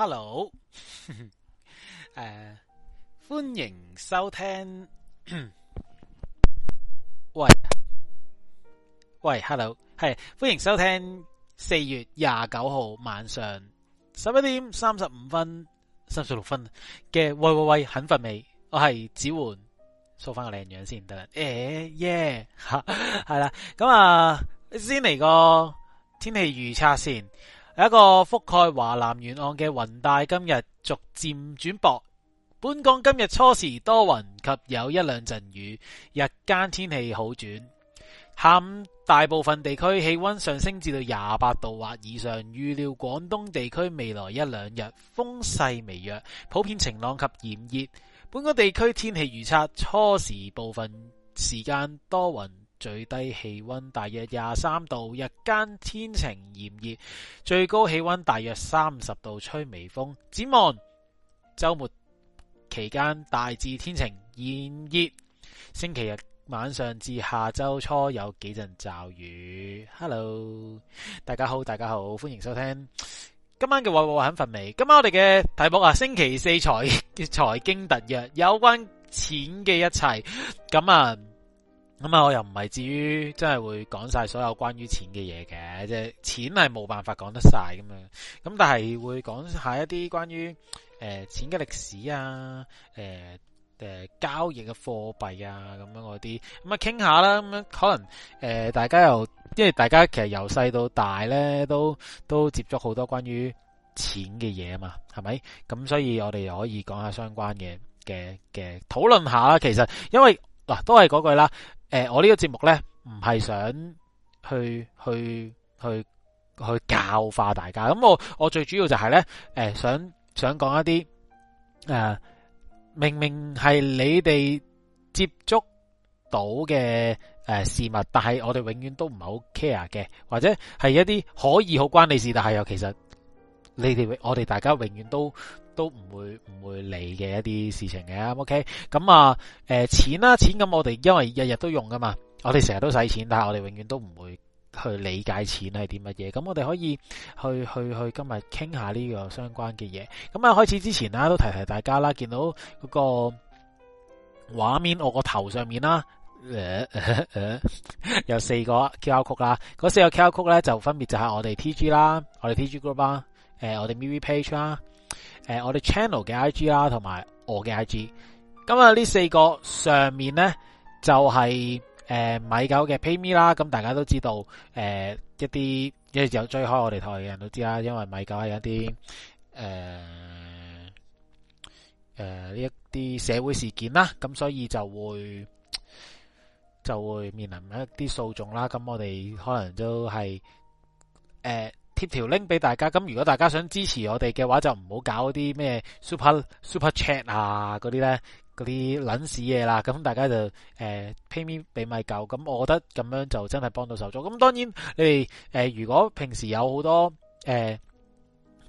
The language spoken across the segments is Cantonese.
Hello，誒、 uh, 歡迎收聽。喂喂，Hello，係歡迎收聽四月廿九號晚上十一點三十五分三十六分嘅。喂喂喂，肯瞓未。我係子桓，梳翻個靚樣先得啦。誒耶，係、yeah, 啦、yeah. 咁啊，先嚟個天氣預測先。有一個覆蓋華南沿岸嘅雲帶，今日逐漸轉薄。本港今日初時多雲及有一兩陣雨，日間天氣好轉。下午大部分地區氣溫上升至到廿八度或以上。預料廣東地區未來一兩日風勢微弱，普遍晴朗及炎熱。本港地區天氣預測，初時部分時間多雲。最低氣溫大約廿三度，日間天晴炎熱，最高氣溫大約三十度，吹微風。展望周末期間大致天晴炎熱，星期日晚上至下周初有幾陣驟雨。Hello，大家好，大家好，歡迎收聽今晚嘅喂喂喂肯瞓未。今晚我哋嘅題目啊，星期四財財經特約有關錢嘅一切，咁啊。咁啊、嗯，我又唔係至於真係會講曬所有關於錢嘅嘢嘅，即係錢係冇辦法講得曬咁嘛。咁、嗯、但係會講下一啲關於誒、呃、錢嘅歷史啊、誒、呃呃、交易嘅貨幣啊咁樣嗰啲，咁啊傾下啦。咁、嗯、可能誒、呃、大家又因為大家其實由細到大咧都都接觸好多關於錢嘅嘢啊嘛，係咪？咁、嗯、所以我哋又可以講下相關嘅嘅嘅討論下啦。其實因為嗱、啊、都係嗰句啦。誒、呃，我呢個節目呢，唔係想去去去去教化大家，咁我我最主要就係呢，誒、呃、想想講一啲誒、呃，明明係你哋接觸到嘅誒、呃、事物，但係我哋永遠都唔係好 care 嘅，或者係一啲可以好關你事，但係又其實你哋我哋大家永遠都。都唔會唔會理嘅一啲事情嘅，OK，咁啊，誒、呃，錢啦，錢咁我哋因為日日都用噶嘛，我哋成日都使錢，但係我哋永遠都唔會去理解錢係啲乜嘢，咁我哋可以去去去今日傾下呢個相關嘅嘢，咁啊開始之前啦，都提提大家啦，見到嗰個畫面我個頭上面啦， 有四個 QR Code 啦，嗰四個 QR Code 咧就分別就係我哋 T G 啦，我哋 T G Group 啦，誒、呃，我哋 MeWe Page 啦。誒、呃，我哋 channel 嘅 I G 啦，同埋我嘅 I G，咁啊呢四個上面呢，就係、是、誒、呃、米九嘅 PayMe 啦，咁大家都知道，誒、呃、一啲即係有追開我哋台嘅人都知啦，因為米九係一啲誒誒呢一啲社會事件啦，咁所以就會就會面臨一啲訴訟啦，咁我哋可能都係誒。呃貼條 link 俾大家，咁如果大家想支持我哋嘅話，就唔好搞嗰啲咩 super super chat 啊，嗰啲咧，嗰啲撚屎嘢啦。咁大家就誒、呃、，pay me 俾咪夠，咁我覺得咁樣就真係幫到手咗。咁當然你哋誒、呃，如果平時有好多誒、呃、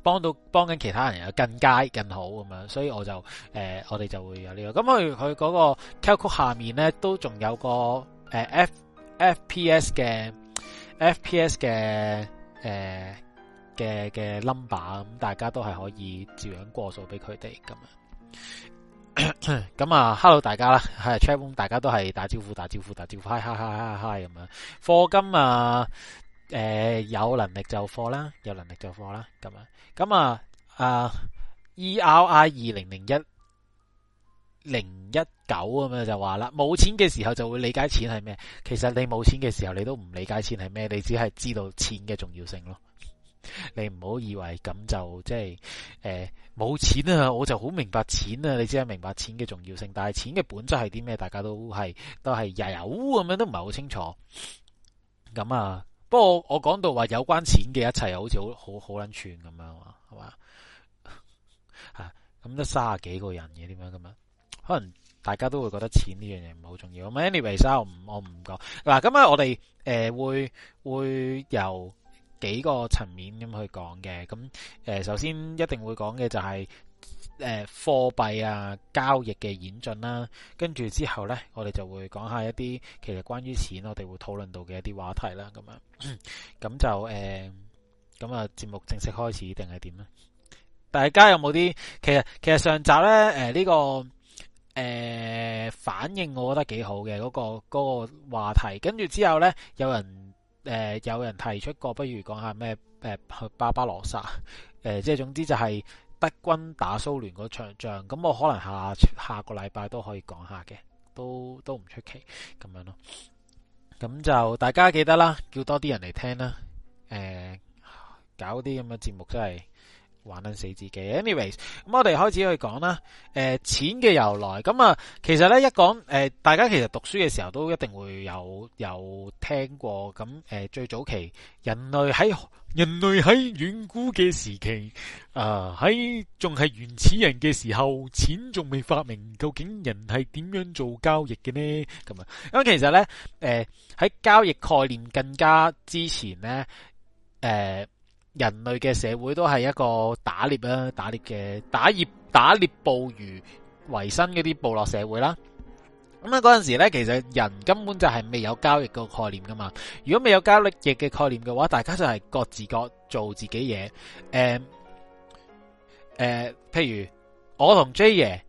幫到幫緊其他人，又更佳更好咁樣，所以我就誒、呃，我哋就會有呢、這個。咁佢嗰個 QR Code 下面咧，都仲有個誒、呃、f f p s 嘅 f p s 嘅。誒嘅嘅 number 咁，大家都係可以照樣過數俾佢哋咁。咁咳咳啊，hello 大家啦，係 chatroom 大家都係打招呼，打招呼，打招呼嗨，嗨，哈哈哈哈咁啊。課金啊，誒有能力就課啦，有能力就課啦，咁啊。咁啊啊 ELI 二零零一。零一九咁樣就話啦，冇錢嘅時候就會理解錢係咩？其實你冇錢嘅時候，你都唔理解錢係咩？你只係知道錢嘅重要性咯。你唔好以為咁就即係誒冇錢啊，我就好明白錢啊，你只係明白錢嘅重要性，但係錢嘅本質係啲咩？大家都係都係有咁樣，都唔係好清楚。咁啊，不過我講到話有關錢嘅一切又好似好好好捻串咁樣，啊，係嘛？吓，啊，咁得三十幾個人嘅點樣咁啊？可能大家都會覺得錢呢樣嘢唔係好重要。咁，anyway，所以我唔我唔講嗱。咁啊，我哋誒、呃、會會由幾個層面咁去講嘅。咁誒、呃，首先一定會講嘅就係誒貨幣啊交易嘅演進啦。跟住之後咧，我哋就會講下一啲其實關於錢我哋會討論到嘅一啲話題啦。咁樣咁就誒咁啊，節、呃、目正式開始定係點咧？大家有冇啲其實其實上集咧誒呢、呃這個。誒、呃，反應我覺得幾好嘅，嗰、那個話、那個話題，跟住之後呢，有人誒、呃、有人提出過，不如講下咩誒，去巴巴羅薩，誒即係總之就係德軍打蘇聯個場仗，咁我可能下下個禮拜都可以講下嘅，都都唔出奇咁樣咯。咁就大家記得啦，叫多啲人嚟聽啦，誒、呃、搞啲咁嘅節目真係。玩得死自己 anyways，嗯。anyways，咁我哋開始去講啦。誒、呃，錢嘅由來。咁、嗯、啊，其實呢，一講，誒、呃，大家其實讀書嘅時候都一定會有有聽過。咁、嗯、誒、呃，最早期人類喺人類喺遠古嘅時期，啊、呃，喺仲係原始人嘅時候，錢仲未發明，究竟人係點樣做交易嘅呢？咁、嗯、啊，咁、嗯嗯嗯、其實呢，誒、呃，喺交易概念更加之前呢。誒、呃。人類嘅社會都係一個打獵啦、啊，打獵嘅打獵打獵捕魚維生嗰啲部落社會啦。咁呢嗰陣時咧，其實人根本就係未有交易個概念噶嘛。如果未有交易嘅概念嘅話，大家就係各自各做自己嘢。誒、呃、誒、呃，譬如我同 J 爺，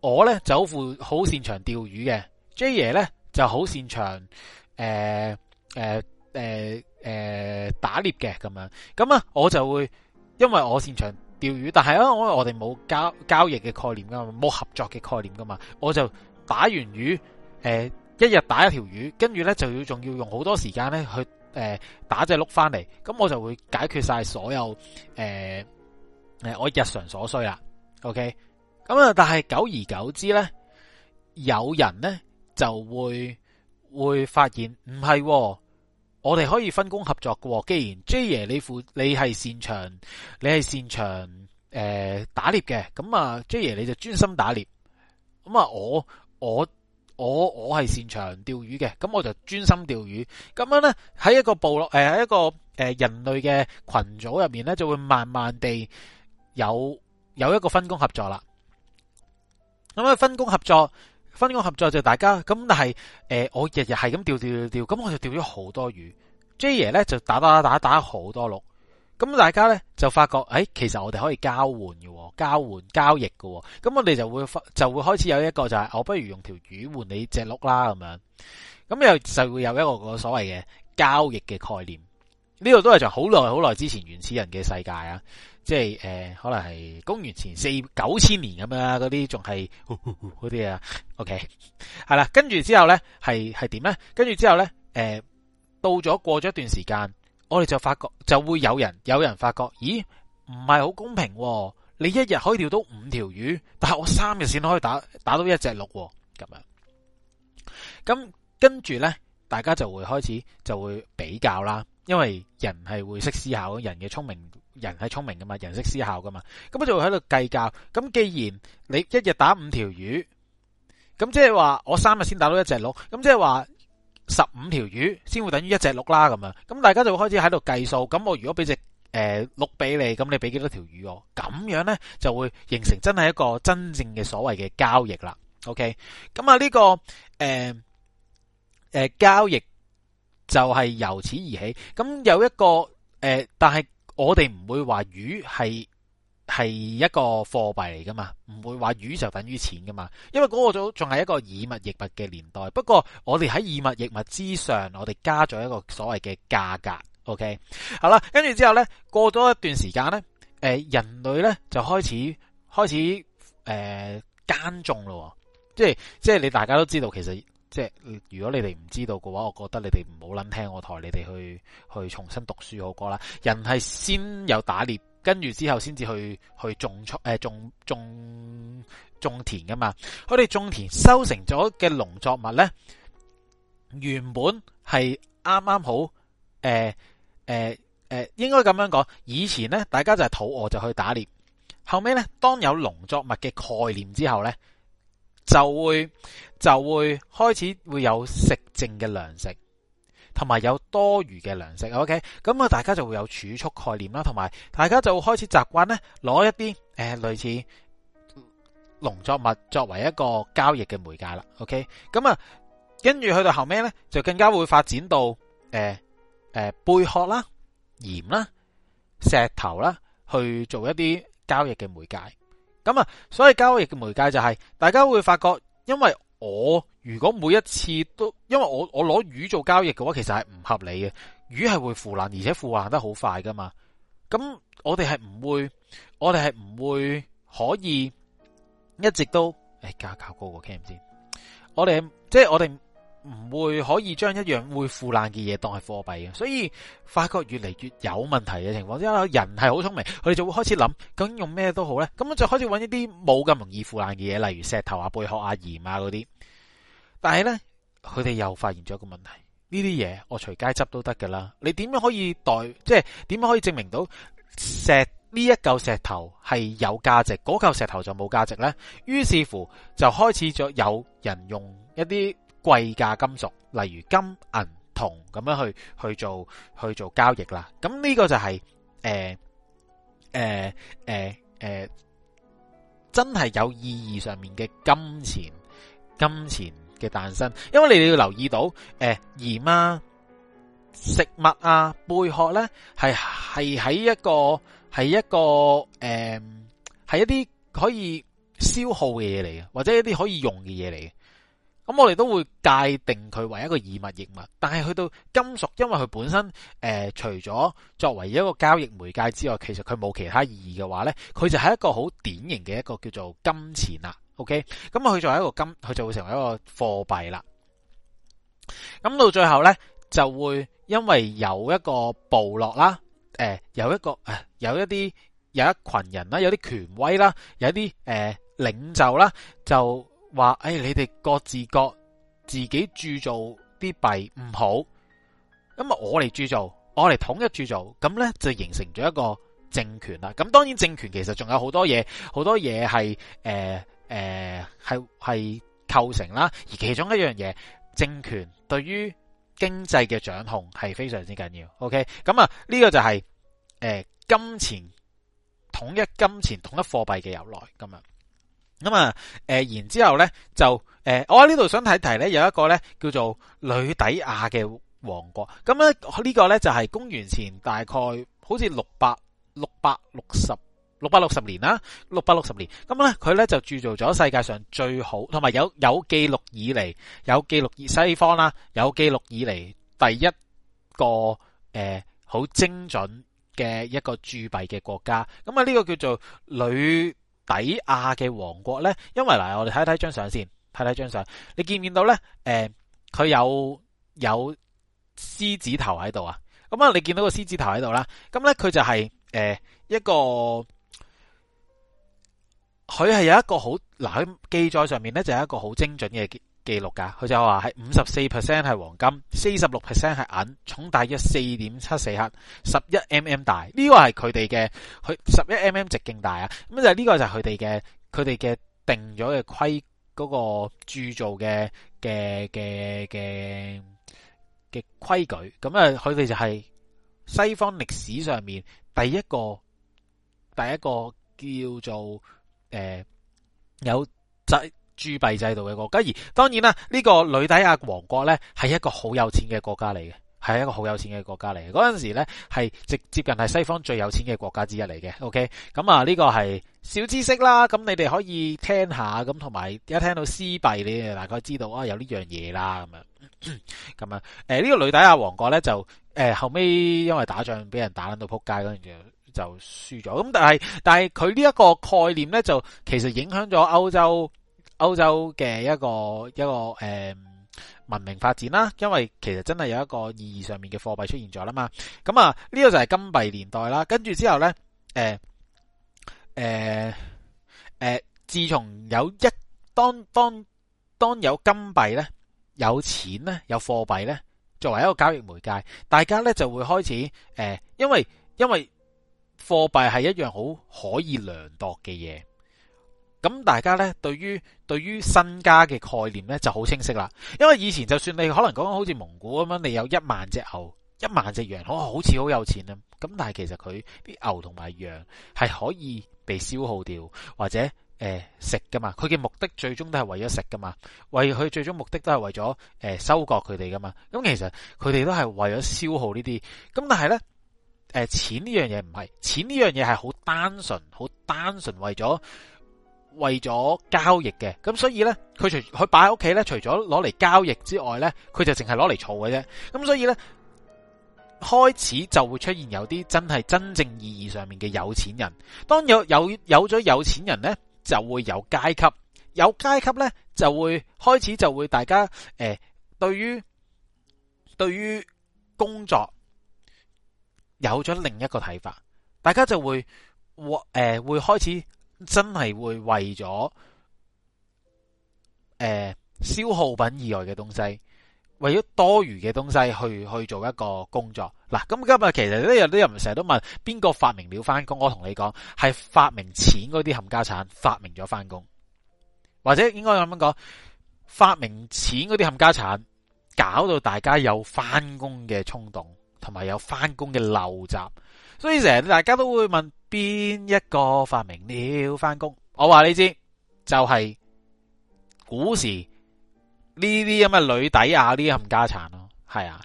我咧就好好擅長釣魚嘅，J 爺咧就好擅長誒誒誒。呃呃呃誒、呃，打獵嘅咁樣，咁啊，我就會因為我擅長釣魚，但係啊，我我哋冇交交易嘅概念噶嘛，冇合作嘅概念噶嘛，我就打完魚，誒、呃，一日打一條魚，跟住咧就要仲要用好多時間咧去誒、呃、打隻鹿翻嚟，咁我就會解決晒所有誒誒、呃、我日常所需啦。OK，咁啊，但係久而久之咧，有人咧就會會發現唔係喎。我哋可以分工合作嘅喎，既然 J 爺你負你係擅長，你係擅長誒、呃、打獵嘅，咁啊 J 爺你就專心打獵，咁啊我我我我係擅長釣魚嘅，咁我就專心釣魚，咁樣呢，喺一個部落誒喺、呃、一個誒人類嘅群組入面呢，就會慢慢地有有一個分工合作啦，咁啊分工合作。分工合作就大家咁，但係誒、呃，我日日係咁釣釣釣釣，咁我就釣咗好多魚。J 爺咧就打打打打好多鹿，咁大家咧就發覺誒、欸，其實我哋可以交換嘅，交換交易嘅，咁我哋就會開就會開始有一個就係、是，我不如用條魚換你隻鹿啦咁樣，咁又就會有一個個所謂嘅交易嘅概念。呢個都係就好耐好耐之前原始人嘅世界啊。即係誒、呃，可能係公元前四九千年咁樣嗰啲，仲係嗰啲啊。OK，係 啦。跟住之後呢，係係點呢？跟住之後呢，誒、呃，到咗過咗一段時間，我哋就發覺就會有人有人發覺，咦，唔係好公平喎、哦！你一日可以釣到五條魚，但係我三日先可以打打到一隻鹿、哦，咁樣。咁跟住呢，大家就會開始就會比較啦，因為人係會識思考，人嘅聰明。人係聰明噶嘛，人識思考噶嘛，咁佢就會喺度計較。咁既然你一日打五條魚，咁即係話我三日先打到一隻鹿，咁即係話十五條魚先會等於一隻鹿啦。咁啊，咁大家就會開始喺度計數。咁我如果俾隻誒鹿俾你，咁你俾幾多條魚我？咁樣呢就會形成真係一個真正嘅所謂嘅交易啦。OK，咁啊呢個誒誒交易就係由此而起。咁有一個誒，但係。我哋唔會話魚係係一個貨幣嚟噶嘛，唔會話魚就等於錢噶嘛，因為嗰個仲仲係一個以物易物嘅年代。不過我哋喺以物易物之上，我哋加咗一個所謂嘅價格。OK，好啦，跟住之後呢，過咗一段時間呢，呃，人類呢，就開始開始呃耕種咯，即係即係你大家都知道其實。即係如果你哋唔知道嘅話，我覺得你哋唔好諗聽我台，你哋去去重新讀書好過啦。人係先有打獵，跟住之後先至去去種誒種種種田噶嘛。佢哋種田收成咗嘅農作物呢，原本係啱啱好，誒、呃、誒、呃呃、應該咁樣講。以前呢，大家就係肚餓就去打獵，後尾呢，當有農作物嘅概念之後呢，就會就會開始會有食剩嘅糧食，同埋有，有多餘嘅糧食，OK？咁啊，大家就會有儲蓄概念啦，同埋大家就會開始習慣咧攞一啲誒、呃、類似農作物作為一個交易嘅媒介啦，OK？咁啊，跟住去到後屘後尾咧，就更加會發展到誒誒貝殼啦、鹽啦、石頭啦，去做一啲交易嘅媒介。咁啊，所以交易嘅媒介就係，大家會發覺，因為我如果每一次都，因為我我攞魚做交易嘅話，其實係唔合理嘅，魚係會腐爛，而且腐爛得好快噶嘛。咁我哋係唔會，我哋係唔會可以一直都，誒，加價嗰個 Cam 先。我哋即係我哋。唔會可以將一樣會腐爛嘅嘢當係貨幣嘅，所以發覺越嚟越有問題嘅情況之下，人係好聰明，佢哋就會開始諗，究竟用咩都好呢，咁就開始揾一啲冇咁容易腐爛嘅嘢，例如石頭啊、貝殼啊、鹽啊嗰啲。但係呢，佢哋又發現咗一個問題：呢啲嘢我隨街執都得噶啦，你點樣可以代即係點樣可以證明到石呢一嚿石頭係有價值，嗰嚿石頭就冇價值呢？於是乎就開始咗有人用一啲。貴價金屬，例如金、銀、銅咁樣去去做去做交易啦。咁呢個就係誒誒誒誒，真係有意義上面嘅金錢金錢嘅誕生。因為你你要留意到，誒、呃、鹽啊、食物啊、貝殼咧，係係喺一個係一個誒係、呃、一啲可以消耗嘅嘢嚟嘅，或者一啲可以用嘅嘢嚟嘅。咁我哋都會界定佢為一個以物易物，但係去到金屬，因為佢本身誒、呃、除咗作為一個交易媒介之外，其實佢冇其他意義嘅話呢，佢就係一個好典型嘅一個叫做金錢啦。OK，咁佢作為一個金，佢就會成為一個貨幣啦。咁到最後呢，就會因為有一個部落啦，誒、呃、有一個誒、呃、有一啲有一群人啦，有啲權威啦，有一啲誒、呃、領袖啦，就。話誒、哎，你哋各自各自己鑄造啲幣唔好，咁啊我嚟鑄造，我嚟統一鑄造，咁呢就形成咗一個政權啦。咁當然政權其實仲有好多嘢，好多嘢係誒誒係係構成啦。而其中一樣嘢，政權對於經濟嘅掌控係非常之緊要。OK，咁啊呢個就係、是、誒、呃、金錢統一金錢統一貨幣嘅由來咁啊。咁啊，誒、呃，然之後咧就，誒、呃，我喺呢度想睇題咧，有一個咧叫做呂底亞嘅王國。咁咧呢個咧就係、是、公元前大概好似六百六百六十六百六十年啦、啊，六百六十年。咁咧佢咧就鑄造咗世界上最好，同埋有有記錄以嚟有記錄以西方啦，有記錄以嚟、啊、第一個誒好、呃、精準嘅一個鑄幣嘅國家。咁啊呢個叫做呂底亞嘅王國呢？因為嗱，我哋睇睇張相先，睇睇張相，你見唔見到呢？誒、呃，佢有有獅子頭喺度啊，咁、嗯、啊，你見到個獅子頭喺度啦，咁呢，佢、嗯、就係、是、誒、呃、一個，佢係有一個好，嗱，喺記載上面呢，就係一個好精準嘅結。記錄噶，佢就話係五十四 percent 係黃金，四十六 percent 係銀，重大約四點七四克，十一 mm 大。呢個係佢哋嘅，佢十一 mm 直徑大啊。咁就呢個就佢哋嘅，佢哋嘅定咗嘅規嗰個鑄造嘅嘅嘅嘅嘅規矩。咁啊，佢哋就係西方歷史上面第一個第一個叫做誒、呃、有制。鑄幣制度嘅國家，而當然啦，呢、這個呂底亞王國呢係一個好有錢嘅國家嚟嘅，係一個好有錢嘅國家嚟嘅。嗰陣時呢，係直接近係西方最有錢嘅國家之一嚟嘅。OK，咁、嗯、啊呢個係小知識啦，咁、嗯、你哋可以聽下，咁同埋一聽到私幣，B，你大概知道啊有呢樣嘢啦咁樣，咁啊，誒呢、嗯嗯呃這個呂底亞王國呢就誒、呃、後尾因為打仗俾人打撚到撲街嗰陣就就輸咗，咁、嗯、但係但係佢呢一個概念呢，就其實影響咗歐洲。歐洲嘅一個一個誒、呃、文明發展啦，因為其實真係有一個意義上面嘅貨幣出現咗啦嘛，咁啊呢個就係金幣年代啦，跟住之後呢，誒、呃、誒、呃呃、自從有一當當當有金幣呢，有錢呢，有貨幣呢，作為一個交易媒介，大家呢就會開始誒、呃，因為因為貨幣係一樣好可以量度嘅嘢。咁大家呢，對於對於身家嘅概念呢，就好清晰啦。因為以前就算你可能講好似蒙古咁樣，你有一萬隻牛、一萬隻羊，好似好有錢啊。咁但係其實佢啲牛同埋羊係可以被消耗掉或者誒食噶嘛。佢嘅目的最終都係為咗食噶嘛，為佢最終目的都係為咗誒、呃、收割佢哋噶嘛。咁其實佢哋都係為咗消耗呢啲。咁但係呢，誒、呃、錢呢樣嘢唔係，錢呢樣嘢係好單純，好單純為咗。為咗交易嘅，咁所以呢，佢除佢擺喺屋企呢，除咗攞嚟交易之外呢，佢就淨係攞嚟儲嘅啫。咁所以呢，開始就會出現有啲真係真正意義上面嘅有錢人。當有有有咗有錢人呢，就會有階級，有階級呢，就會開始就會大家誒、呃，對於對於工作有咗另一個睇法，大家就會會誒、呃、會開始。真係會為咗誒、呃、消耗品以外嘅東西，為咗多餘嘅東西去去做一個工作。嗱，咁今日其實有啲人成日都問邊個發明了翻工？我同你講，係發明錢嗰啲冚家鏟發明咗翻工，或者應該咁樣講，發明錢嗰啲冚家鏟搞到大家有翻工嘅衝動，同埋有翻工嘅陋習。所以成日大家都會問邊一個發明了翻工？我話你知，就係古時呢啲咁嘅女底啊，呢一冚家產咯，係啊，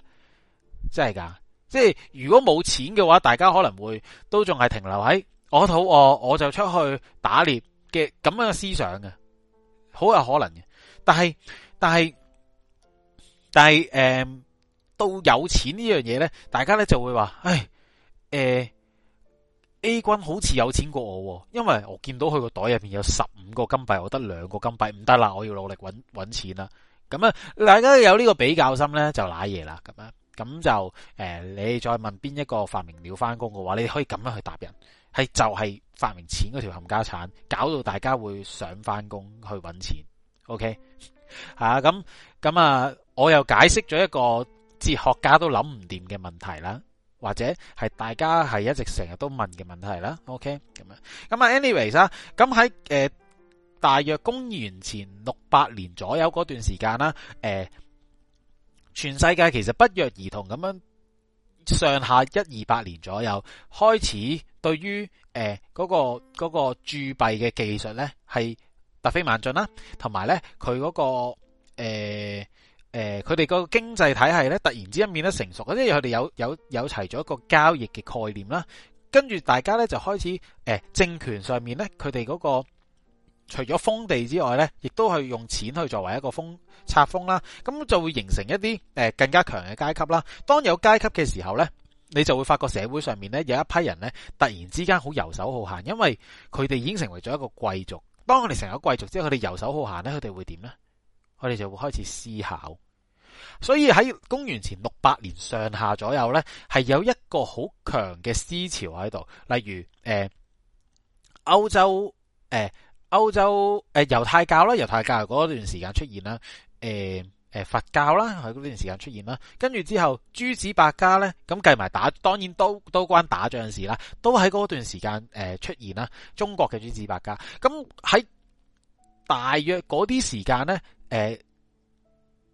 真係噶！即係如果冇錢嘅話，大家可能會都仲係停留喺我肚餓，我就出去打獵嘅咁樣嘅思想嘅，好有可能嘅。但係但係但係誒、嗯，到有錢呢樣嘢呢，大家呢就會話，唉。誒，A 君好似有錢過我，因為我見到佢個袋入邊有十五個金幣，我得兩個金幣，唔得啦，我要努力揾揾錢啦。咁啊，大家有呢個比較心呢，就瀨嘢啦。咁啊，咁就誒，你再問邊一個發明了翻工嘅話，你可以咁樣去答人，係就係、是、發明錢嗰條冚家鏟，搞到大家會想上翻工去揾錢。OK，啊，咁咁啊，我又解釋咗一個哲學家都諗唔掂嘅問題啦。或者係大家係一直成日都問嘅問題啦，OK 咁、anyway，啊，咁啊，anyways 啦，咁喺誒大約公元前六百年左右嗰段時間啦，誒、呃、全世界其實不約而同咁樣上下一二百年左右開始對於誒嗰、呃嗰個嗰、嗰個鑄幣嘅技術咧係突飛猛進啦，同埋咧佢嗰個、呃誒，佢哋個經濟體系咧，突然之間變得成熟，即係佢哋有有有齊咗一個交易嘅概念啦，跟住大家咧就開始，誒、呃，政權上面咧、那個，佢哋嗰個除咗封地之外咧，亦都係用錢去作為一個封冊封啦，咁就會形成一啲誒、呃、更加強嘅階級啦。當有階級嘅時候咧，你就會發覺社會上面咧有一批人咧，突然之間好遊手好閒，因為佢哋已經成為咗一個貴族。當佢哋成咗貴族之後，佢哋遊手好閒咧，佢哋會點咧？我哋就會開始思考，所以喺公元前六百年上下左右呢，係有一個好強嘅思潮喺度，例如誒、呃、歐洲誒、呃、歐洲誒猶太教啦，猶太教嗰段時間出現啦，誒、呃、誒、呃、佛教啦喺嗰段時間出現啦，跟住之後諸子百家呢，咁計埋打，當然都都關打仗事啦，都喺嗰段時間誒、呃、出現啦。中國嘅諸子百家，咁喺大約嗰啲時間呢。誒，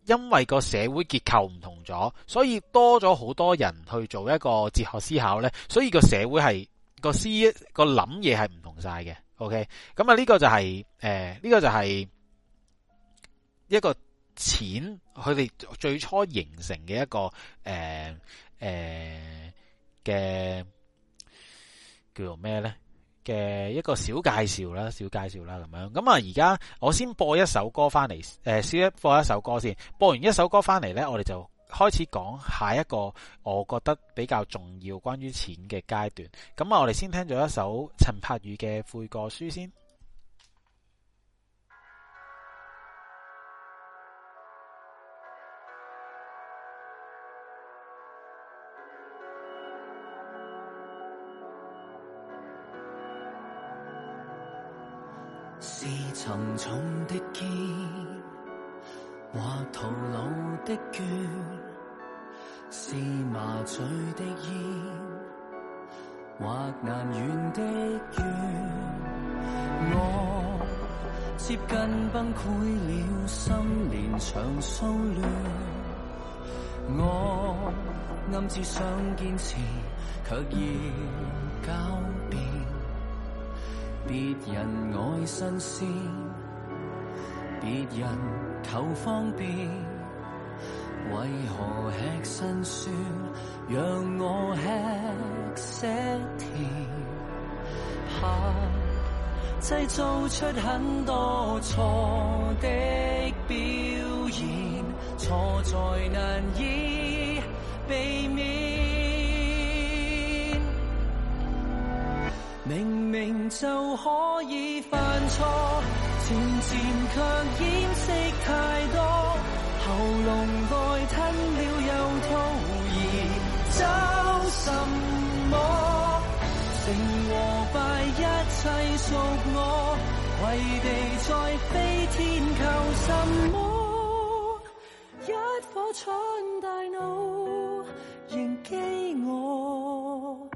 因為個社會結構唔同咗，所以多咗好多人去做一個哲學思考咧，所以個社會係個思個諗嘢係唔同晒嘅。OK，咁啊呢個就係誒呢個就係一個錢佢哋最初形成嘅一個誒誒嘅叫做咩咧？嘅一個小介紹啦，小介紹啦咁樣。咁啊，而家我先播一首歌翻嚟，誒、欸，先一播一首歌先。播完一首歌翻嚟呢，我哋就開始講下一個我覺得比較重要關於錢嘅階段。咁啊，我哋先聽咗一首陳柏宇嘅《悔過書》先。沉重，重的肩，或徒勞的倦，是麻醉的煙，或難圓的願。我接近崩潰了，心連長酥亂。我暗自想堅持，卻要告別。別人愛新鮮，別人求方便，為何吃辛酸，讓我吃些甜？怕製造出很多錯的表演，錯在難以避免。明就可以犯錯，漸漸卻掩飾太多，喉嚨內吞了又吐，而找什麼？勝和敗一切屬我，為地再飛天求什麼？一火蠢大腦，仍激我。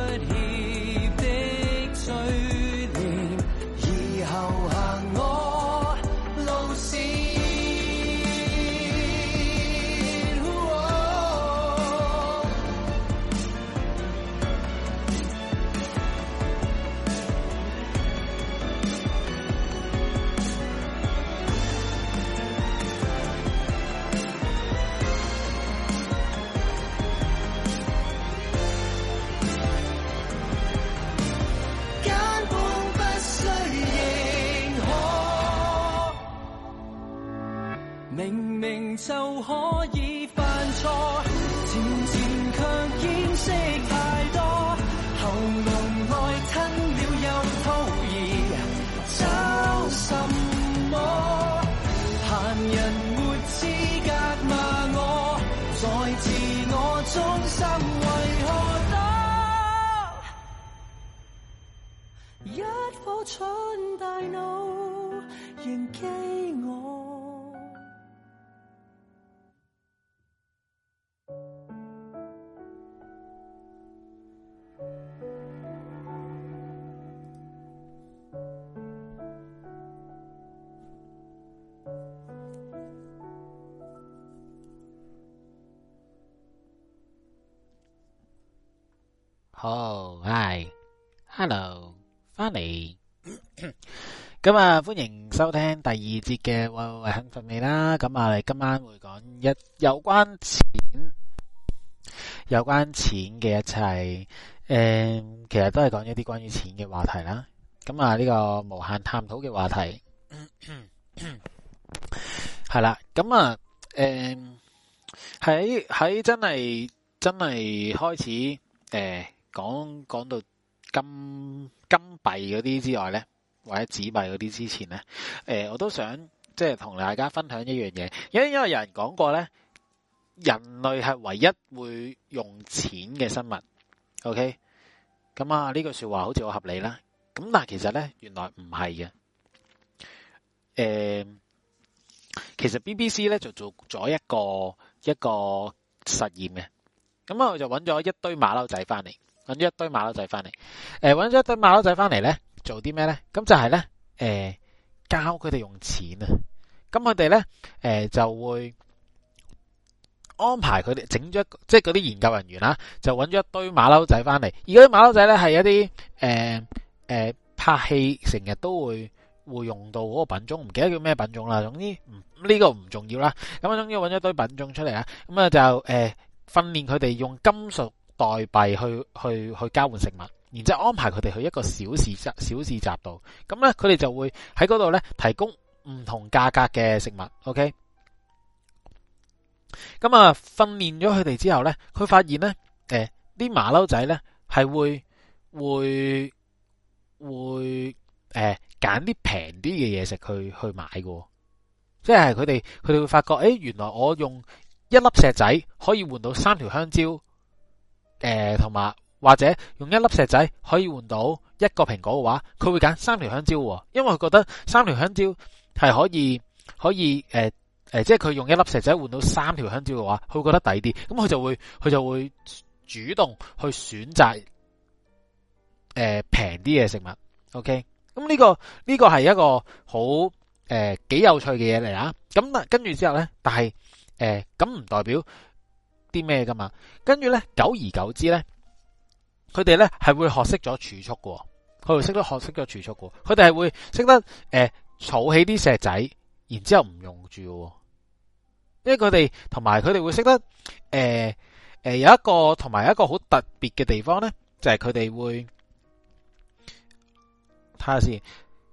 好，Hi，Hello，返嚟。咁啊，歡迎收聽第二節嘅《喂喂喂肯瞓未》啦。咁啊，今晚會講一有關錢、有關錢嘅一切。誒，其實都係講一啲關於錢嘅話題啦。咁啊，呢個無限探討嘅話題係啦。咁啊，誒，喺喺真係真係開始誒。講講到金金幣嗰啲之外咧，或者紙幣嗰啲之前咧，誒，我都想即係同大家分享一樣嘢，因因為有人講過咧，人類係唯一會用錢嘅生物。OK，咁啊，呢句說話好似好合理啦。咁但係其實咧，原來唔係嘅。誒，其實 BBC 咧，就做咗一個一個實驗嘅，咁啊我就揾咗一堆馬騮仔翻嚟。揾咗一堆馬騮仔翻嚟，誒，揾咗一堆馬騮仔翻嚟咧，做啲咩咧？咁就係咧，誒，教佢哋用錢啊！咁佢哋咧，誒，就會安排佢哋整咗一，即係嗰啲研究人員啦，就揾咗一堆馬騮仔翻嚟。而嗰啲馬騮仔咧，係一啲，誒，誒，拍戲成日都會會用到嗰個品種，唔記得叫咩品種啦。總之，呢個唔重要啦。咁啊，總之揾咗一堆品種出嚟啊，咁啊就，誒，訓練佢哋用金屬。代幣去去去交換食物，然之後安排佢哋去一個小市集小市集度。咁呢，佢哋就會喺嗰度呢提供唔同價格嘅食物。OK，咁啊訓練咗佢哋之後呢，佢發現呢誒，啲馬騮仔呢係會會會誒揀啲平啲嘅嘢食去去買嘅，即係佢哋佢哋會發覺誒、哎，原來我用一粒石仔可以換到三條香蕉。誒，同埋、呃、或者用一粒石仔可以換到一個蘋果嘅話，佢會揀三條香蕉，因為佢覺得三條香蕉係可以可以誒誒、呃呃，即係佢用一粒石仔換到三條香蕉嘅話，佢會覺得抵啲，咁佢就會佢就會主動去選擇誒平啲嘅食物。OK，咁呢、這個呢、這個係一個好誒幾有趣嘅嘢嚟啊！咁跟住之後呢，但係誒咁唔代表。啲咩噶嘛？跟住咧，久而久之咧，佢哋咧係會學識咗儲蓄噶，佢哋識得學識咗儲蓄噶，佢哋係會識得誒儲起啲石仔，然之後唔用住。因為佢哋同埋佢哋會識得誒誒、呃呃，有一個同埋有一個好特別嘅地方咧，就係佢哋會睇下先。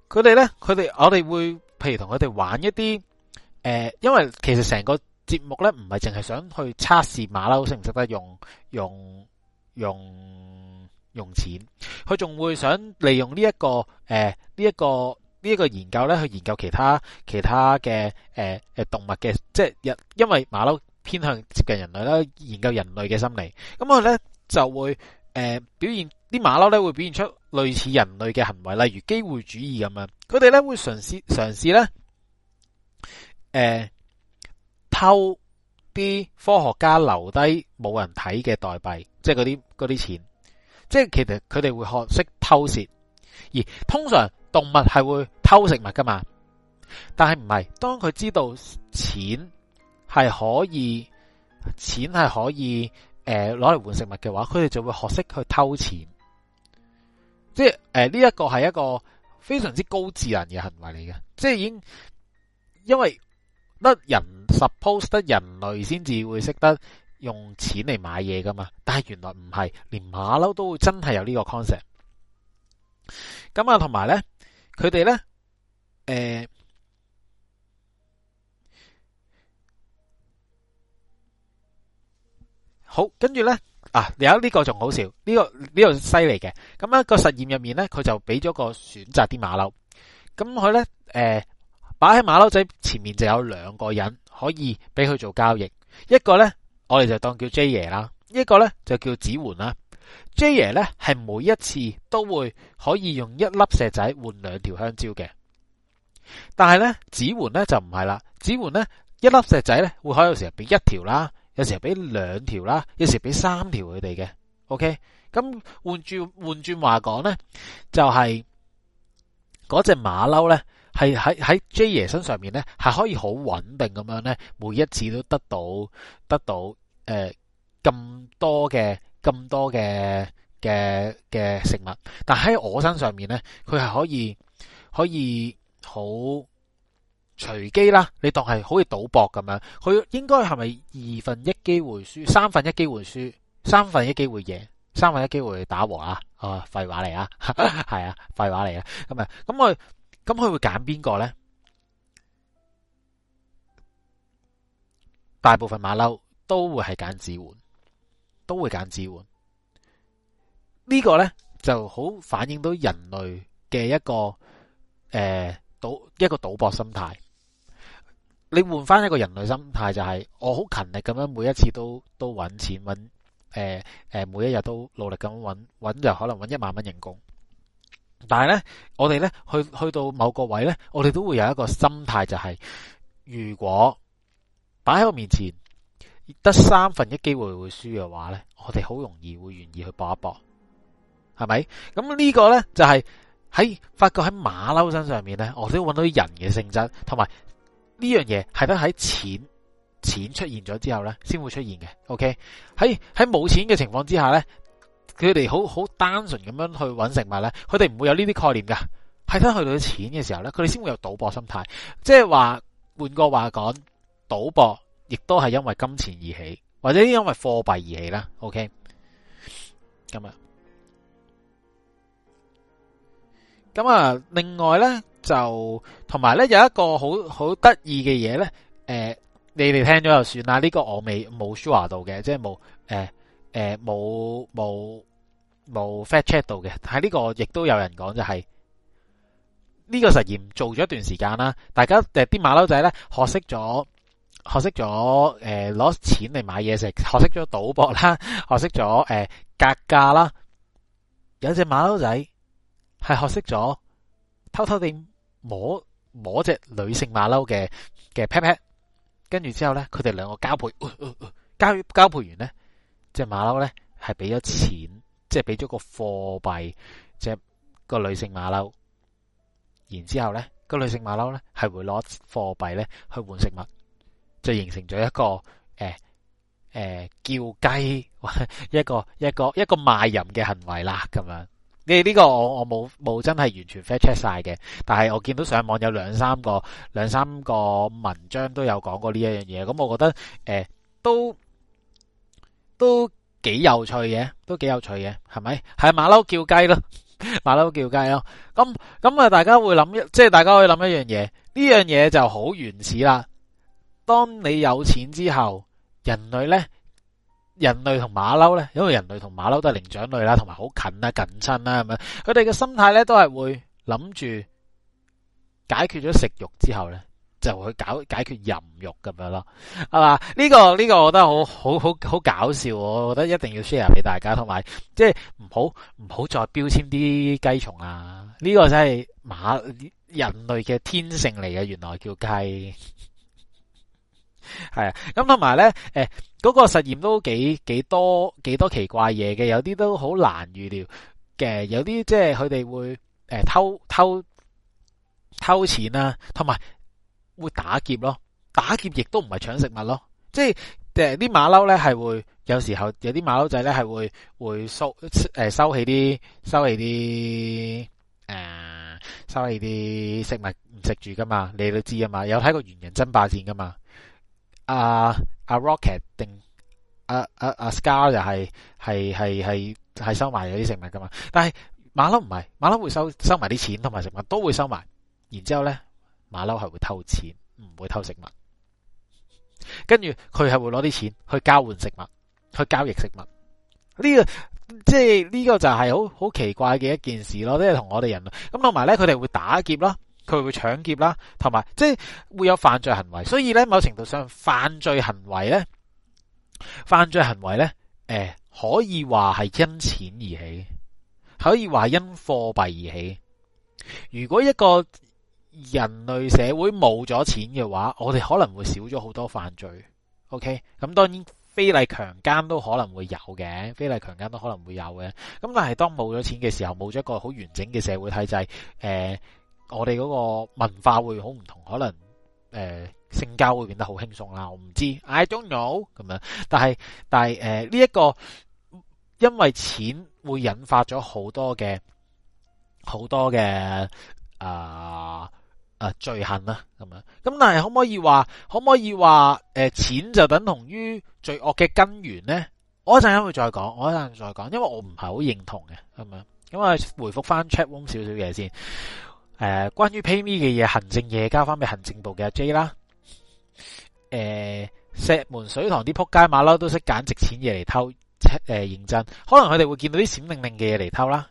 佢哋咧，佢哋我哋會，譬如同佢哋玩一啲誒、呃，因為其實成個。節目咧唔係淨係想去測試馬騮識唔識得用用用用錢，佢仲會想利用呢、這、一個誒呢一個呢一、這個研究咧去研究其他其他嘅誒誒動物嘅，即係因為為馬騮偏向接近人類啦，研究人類嘅心理，咁佢咧就會誒、呃、表現啲馬騮咧會表現出類似人類嘅行為，例如機會主義咁樣。佢哋咧會嘗試嘗試咧誒。呃偷啲科學家留低冇人睇嘅代幣，即係嗰啲嗰啲錢，即係其實佢哋會學識偷竊。而通常動物係會偷食物噶嘛但係唔係當佢知道錢係可以，錢係可以誒攞嚟換食物嘅話，佢哋就會學識去偷錢。即係誒呢一個係一個非常之高智能嘅行為嚟嘅，即係已經因為乜人？suppose 得人類先至會識得用錢嚟買嘢噶嘛？但係原來唔係，連馬騮都會真係有呢個 concept。咁啊，同埋呢，佢哋呢，誒，好跟住呢，啊，有呢個仲好笑，呢個呢個犀利嘅。咁樣個實驗入面呢，佢就俾咗個選擇啲馬騮，咁佢呢，誒，擺喺馬騮仔前面就有兩個人。可以俾佢做交易，一個呢，我哋就當叫 J 爺啦，一個呢，就叫子桓啦。J 爺呢，係每一次都會可以用一粒石仔換兩條香蕉嘅，但係呢，子桓呢，就唔係啦。子桓呢，一粒石仔呢會可能有時俾一條啦，有時俾兩條啦，有時俾三條佢哋嘅。OK，咁換轉換轉話講呢就係嗰隻馬騮呢。就是係喺喺 J 爺身上面咧，係可以好穩定咁樣咧，每一次都得到得到誒咁、呃、多嘅咁多嘅嘅嘅食物。但喺我身上面咧，佢係可以可以好隨機啦。你當係好似賭博咁樣，佢應該係咪二分一機會輸，三分一機會輸，三分一機會贏，三分一機會打和啊？哦、廢啊，廢話嚟啊，係啊，廢話嚟啊。咁啊，咁我。咁佢會揀邊個呢？大部分馬騮都會係揀置換，都會揀置換。呢個呢就好反映到人類嘅一個誒賭一個賭博心態。你換翻一個人類心態就係，我好勤力咁樣每一次都都揾錢揾，誒誒，每一日都努力咁樣揾，揾就可能揾一萬蚊人工。但係咧，我哋咧去去到某個位咧，我哋都會有一個心態、就係，就係如果擺喺我面前得三分一機會會輸嘅話咧，我哋好容易會願意去搏一搏，係咪？咁呢個咧就係、係、喺發覺喺馬騮身上面咧，我都揾到人嘅性質，同埋呢樣嘢係得喺錢錢出現咗之後咧，先會出現嘅。OK，喺喺冇錢嘅情況之下咧。佢哋好好單純咁樣去搵食物咧，佢哋唔會有呢啲概念噶。係真去到錢嘅時候咧，佢哋先會有賭博心態。即係話換個話講，賭博亦都係因為金錢而起，或者因為貨幣而起啦。OK，咁啊，咁啊，另外咧就同埋咧有一個好好得意嘅嘢咧。誒、呃，你哋聽咗就算啦。呢、這個我未冇 sure 到嘅，即係冇誒冇冇。呃呃冇 fact check 到嘅，但係呢個亦都有人講就係、是、呢、呢個實驗做咗一段時間啦。大家誒啲馬騮仔咧學識咗學識咗誒攞錢嚟買嘢食，學識咗、呃、賭博啦，學識咗誒格價啦。有隻馬騮仔係學識咗偷偷哋摸摸隻女性馬騮嘅嘅 pat pat，跟住之後咧，佢哋兩個交配、呃呃、交交配完咧，隻馬騮咧係俾咗錢。即係俾咗個貨幣，即係個女性馬騮，然之後咧、個女性馬騮咧係會攞貨幣咧去換食物，就形成咗一個誒誒、欸欸、叫雞一個一個一個，一個賣淫嘅行為啦咁樣。誒呢個我我冇冇真係完全 fact check 晒嘅，但係我見到上網有兩三個兩三個文章都有講過呢一樣嘢，咁我覺得誒都、欸、都。都幾有趣嘅，都幾有趣嘅，係咪？係馬騮叫雞咯，馬騮叫雞咯。咁咁啊，大家會諗一，即係大家會諗一樣嘢。呢樣嘢就好原始啦。當你有錢之後，人類呢，人類同馬騮呢，因為人類同馬騮都係靈長類啦，同埋好近呀，近親啦，係咪？佢哋嘅心態呢，都係會諗住解決咗食肉之後呢。就去搞解決淫欲咁樣咯，係嘛？呢、這個呢、這個我覺得好好好好搞笑，我覺得一定要 share 俾大家，同埋即係唔好唔好再標籤啲雞蟲啊！呢、這個真係馬人類嘅天性嚟嘅，原來叫雞。係啊，咁同埋咧，誒、欸，嗰、那個實驗都幾幾多幾多奇怪嘢嘅，有啲都好難預料嘅，有啲即係佢哋會誒、欸、偷偷偷錢啦、啊，同埋。會打劫咯，打劫亦都唔係搶食物咯，即係，誒，啲馬騮咧係會，有時候有啲馬騮仔咧係會會收，誒收起啲，收起啲，誒，收起啲、啊、食物唔食住噶嘛，你都知啊嘛，有睇過猿人爭霸戰噶嘛，阿、啊、阿、啊、Rocket 定，阿、啊、阿、啊啊、Scar 就係係係係係收埋嗰啲食物噶嘛，但係馬騮唔係，馬騮會收收埋啲錢同埋食物，都會收埋，然之後咧。馬騮係會偷錢，唔會偷食物。跟住佢係會攞啲錢去交換食物，去交易食物。呢個即係呢個就係好好奇怪嘅一件事咯。即係同我哋人咁，同埋咧，佢哋會打劫啦，佢會搶劫啦，同埋即係會有犯罪行為。所以咧，某程度上犯，犯罪行為咧，犯罪行為咧，誒，可以話係因錢而起，可以話因貨幣而起。如果一個。人類社會冇咗錢嘅話，我哋可能會少咗好多犯罪。OK，咁當然非禮強奸都可能會有嘅，非禮強奸都可能會有嘅。咁但係當冇咗錢嘅時候，冇咗一個好完整嘅社會體制，誒、呃，我哋嗰個文化會好唔同，可能誒、呃、性交會變得好輕鬆啦，我唔知。I don't know 咁樣。但係但係誒呢一個因為錢會引發咗好多嘅好多嘅啊。呃啊罪行啦咁樣，咁但係可唔可以話？可唔可以話？誒、呃，錢就等同於罪惡嘅根源呢？我一陣間會再講，我一陣再講，因為我唔係好認同嘅咁樣。咁啊，回覆翻 Chatroom 少少嘢先。誒、呃，關於 PayMe 嘅嘢，行政嘢交翻俾行政部嘅阿 J 啦。誒、呃，石門水塘啲撲街馬騮都識揀值錢嘢嚟偷，誒、呃、認真，可能佢哋會見到啲閃令令嘅嘢嚟偷啦。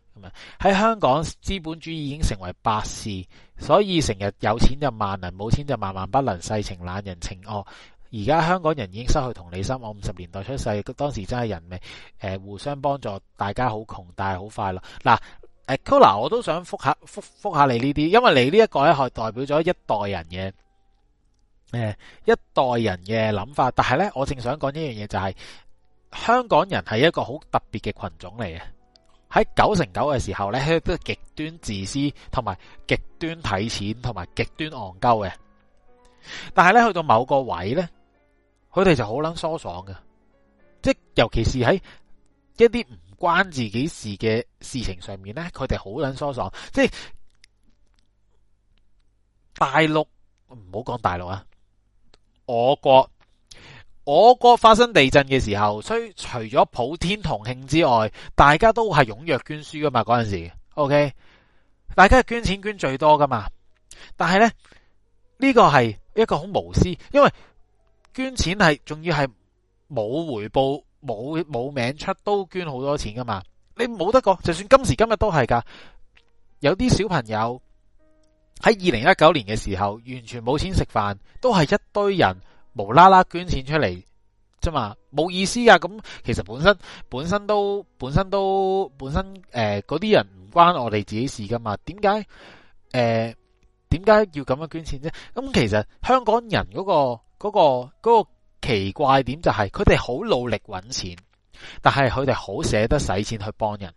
喺香港，資本主義已經成為百事，所以成日有錢就萬能，冇錢就萬萬不能世。世情懶人情惡，而家香港人已經失去同理心。我五十年代出世，當時真係人味、呃，互相幫助，大家好窮但係好快樂。嗱，Cola 我都想覆下覆覆，覆覆下你呢啲，因為你呢一個咧，代表咗一代人嘅、呃、一代人嘅諗法。但係呢，我正想講一樣嘢、就係，就係香港人係一個好特別嘅群種嚟嘅。喺九成九嘅時候咧，都係極端自私，同埋極端睇錢，同埋極端戇鳩嘅。但係咧，去到某個位咧，佢哋就好捻疏爽嘅。即係，尤其是喺一啲唔關自己事嘅事情上面咧，佢哋好捻疏爽。即係大陸唔好講大陸啊，我國。我國發生地震嘅時候，雖除咗普天同慶之外，大家都係踊躍捐輸噶嘛？嗰陣時，OK，大家係捐錢捐最多噶嘛？但係呢，呢、這個係一個好無私，因為捐錢係仲要係冇回報、冇冇名出都捐好多錢噶嘛？你冇得講，就算今時今日都係噶。有啲小朋友喺二零一九年嘅時候，完全冇錢食飯，都係一堆人。無啦啦捐錢出嚟，咋嘛？冇意思噶啊。咁其實本身本身都本身都本身，誒，嗰啲人唔關我哋自己事噶嘛。點解？誒，呃，點解要咁樣捐錢啫？咁其實香港人嗰個嗰個嗰個奇怪點就係，佢哋好努力搵錢，但係佢哋好捨得使錢去幫人。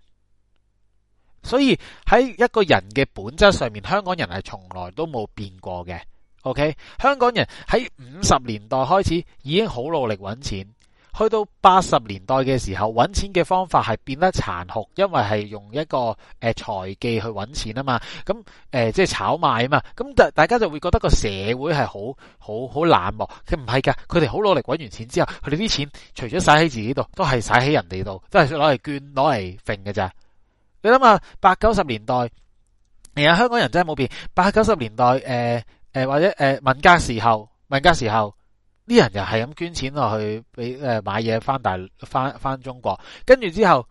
所以喺一個人嘅本質上面，香港人係從來都冇變過嘅。O.K. 香港人喺五十年代開始已經好努力揾錢，去到八十年代嘅時候，揾錢嘅方法係變得殘酷，因為係用一個誒財、呃、技去揾錢啊嘛。咁誒、呃、即係炒賣啊嘛。咁但大家就會覺得個社會係好好好冷漠。佢唔係噶，佢哋好努力揾完錢之後，佢哋啲錢除咗使喺自己度，都係使喺人哋度，都係攞嚟捐、攞嚟揈嘅咋。你諗下八九十年代，而家香港人真係冇變。八九十年代誒。呃誒、呃，或者誒、呃，文革時候，文革時候，啲人又係咁捐錢落去俾誒買嘢翻大翻翻中國，跟住之後，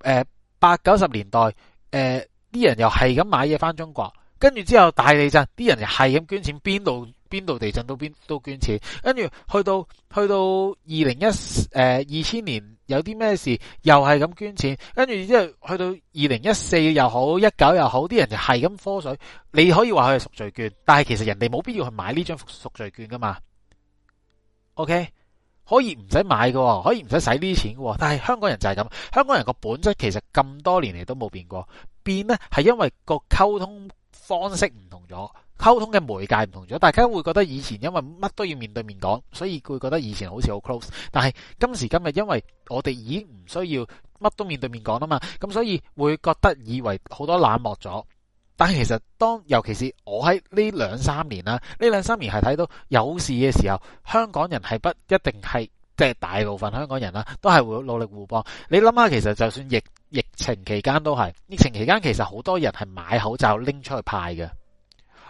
誒八九十年代，誒、呃、啲人又係咁買嘢翻中國，跟住之後大地震，啲人又係咁捐錢邊度邊度地震都邊都捐錢，跟住去到去到二零一誒二千年。有啲咩事又係咁捐錢，跟住之後去到二零一四又好，一九又好，啲人就係咁科水。你可以話佢係贖罪券，但係其實人哋冇必要去買呢張贖罪券噶嘛。OK，可以唔使買㗎喎，可以唔使使呢啲錢㗎喎。但係香港人就係咁，香港人個本質其實咁多年嚟都冇變過。變呢係因為個溝通方式唔同咗。溝通嘅媒介唔同咗，大家會覺得以前因為乜都要面對面講，所以佢會覺得以前好似好 close。但係今時今日，因為我哋已經唔需要乜都面對面講啦嘛，咁所以會覺得以為好多冷漠咗。但係其實當尤其是我喺呢兩三年啦，呢兩三年係睇到有事嘅時候，香港人係不一定係即係大部分香港人啦，都係會努力互幫。你諗下，其實就算疫疫情期間都係疫情期間，其實好多人係買口罩拎出去派嘅。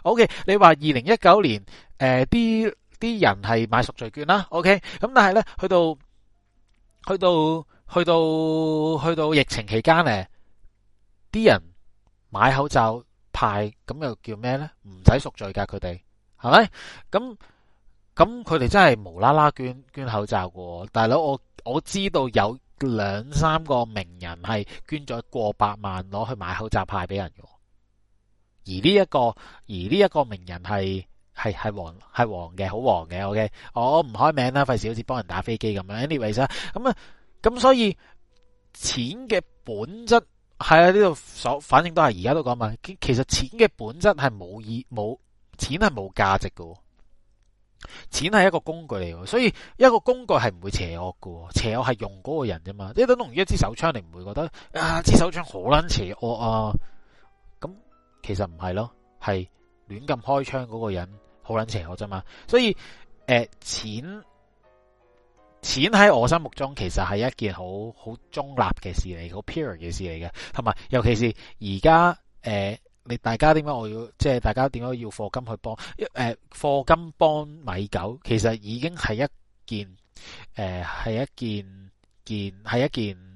OK，你話二零一九年，誒啲啲人係買贖罪券啦。OK，咁但係咧，去到去到去到去到疫情期間咧，啲人買口罩派，咁又叫咩咧？唔使贖罪噶，佢哋係咪？咁咁佢哋真係無啦啦捐捐口罩嘅喎，大佬，我我知道有兩三個名人係捐咗過百萬攞去買口罩派俾人嘅。而呢、這、一個而呢一個名人係係係黃係黃嘅，好黃嘅。OK，我、oh, 唔開名啦，費事好似幫人打飛機咁樣。Anyway 啦咁啊，咁所以錢嘅本質係啊呢度所，反正都係而家都講嘛。其實錢嘅本質係冇意義，冇錢係冇價值嘅，錢係一個工具嚟嘅。所以一個工具係唔會邪惡嘅，邪惡係用嗰個人啫嘛。即係等同於一支手槍，你唔會覺得啊？支手槍好撚邪惡啊？其實唔係咯，係亂咁開槍嗰個人好撚邪惡嘅啫嘛，所以誒、呃、錢錢喺我心目中其實係一件好好中立嘅事嚟，好 pure 嘅事嚟嘅，同埋尤其是而家誒你大家點解我要即係大家點解要課金去幫誒課金幫米狗，其實已經係一件誒係一件件係一件。呃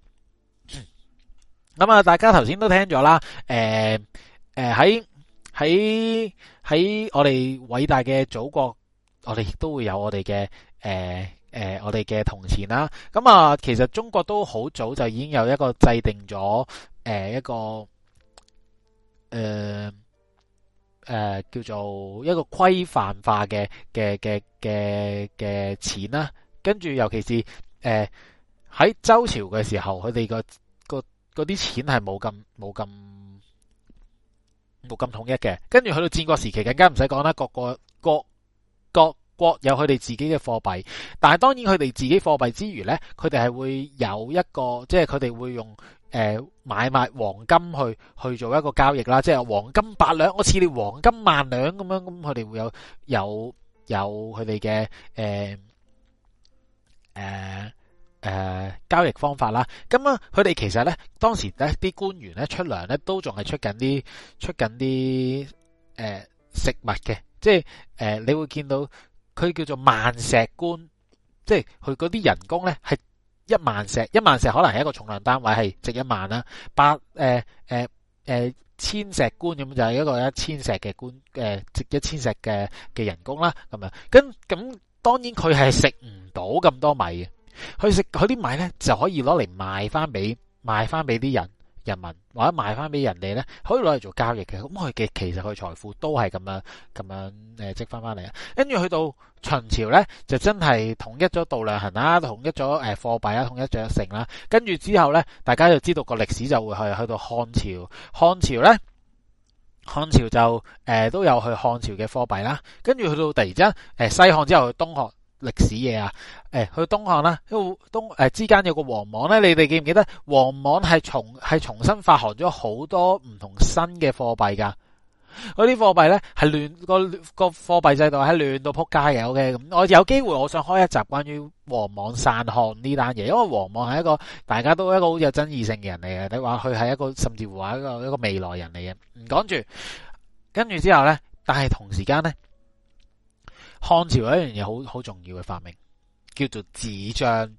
咁啊，大家頭先都聽咗啦，誒誒喺喺喺我哋偉大嘅祖國，我哋亦都會有我哋嘅誒誒我哋嘅銅錢啦。咁、嗯、啊，其實中國都好早就已經有一個制定咗誒、呃、一個誒誒、呃呃、叫做一個規範化嘅嘅嘅嘅嘅錢啦。跟住，尤其是誒喺周朝嘅時候，佢哋個。嗰啲錢係冇咁冇咁冇咁統一嘅，跟住去到戰國時期，更加唔使講啦，各個各各國有佢哋自己嘅貨幣，但係當然佢哋自己貨幣之餘呢，佢哋係會有一個，即係佢哋會用誒、呃、買賣黃金去去做一個交易啦，即係黃金八兩，我賜你黃金萬兩咁樣，咁佢哋會有有有佢哋嘅誒誒。呃呃誒，交易方法啦，咁啊，佢哋其實咧，當時咧啲官員咧出糧咧都仲係出緊啲出緊啲誒食物嘅，即係誒你會見到佢叫做萬石官，即係佢嗰啲人工咧係一萬石，一萬石可能係一個重量單位，係值一萬啦。八誒誒誒千石官咁就係一個一千石嘅官，誒值一千石嘅嘅人工啦。咁樣咁咁，當然佢係食唔到咁多米嘅。去食佢啲米咧，就可以攞嚟賣翻俾賣翻俾啲人人民，或者賣翻俾人哋咧，可以攞嚟做交易嘅。咁佢嘅其實佢財富都係咁樣咁樣誒積翻翻嚟。跟住去到秦朝咧，就真係統一咗度量衡啦，統一咗誒貨幣啦，統一咗成啦。跟住之後咧，大家就知道個歷史就會去去到漢朝。漢朝咧，漢朝就誒、呃、都有去漢朝嘅貨幣啦。跟住去到突然之誒西漢之後去東漢。歷史嘢呀、啊，去、哎、東漢啦，因為東誒、啊、之間有個王莽呢，你哋記唔記得王莽係重，重新發行咗好多唔同新嘅貨幣㗎。嗰啲貨幣呢，係亂、嗰個貨幣制度係亂到撲街嘅，OK，咁，我有機會我想開一集關於王莽篡漢呢單嘢，因為王莽係一個大家都一個好有爭議性嘅人嚟嘅，你話佢係一個甚至乎話一,一個未來人嚟嘅，唔講住，跟住之後呢，但係同時間呢。漢朝有一樣嘢好好重要嘅發明，叫做紙張。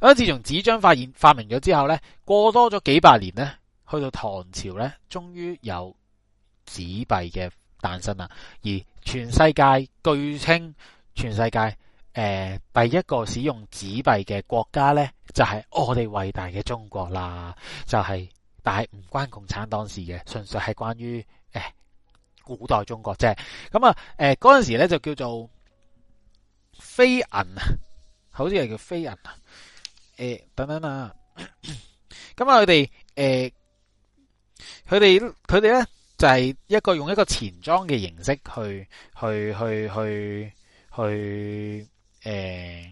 咁自從紙張發現發明咗之後呢，過多咗幾百年呢，去到唐朝呢，終於有紙幣嘅誕生啦。而全世界據稱，全世界誒、呃、第一個使用紙幣嘅國家呢就係、是、我哋偉大嘅中國啦。就係、是，但係唔關共產黨事嘅，純粹係關於誒、欸、古代中國啫。咁啊，誒嗰陣時呢就叫做。飛銀啊，好似係叫飛銀啊，誒，等等啊，咁啊佢哋，誒，佢哋佢哋咧就係一個用一個錢莊嘅形式去去去去去誒，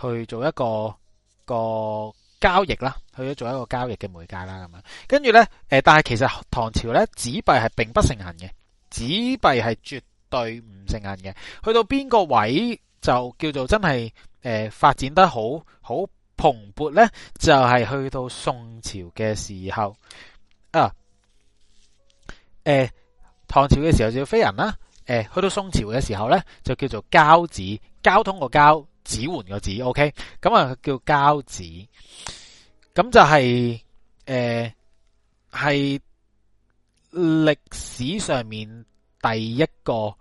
去做一個一個交易啦，去咗做一個交易嘅媒介啦，咁樣，跟住咧，誒、欸，但係其實唐朝咧紙幣係並不盛行嘅，紙幣係絕對唔盛行嘅，去到邊個位？就叫做真係誒、呃、發展得好好蓬勃咧。就係、是、去到宋朝嘅時候啊，誒，唐朝嘅時候叫飛人啦，誒，去到宋朝嘅時候咧就叫做交子，交通個交，指援個子。O K. 咁啊叫交子，咁就係誒係歷史上面第一個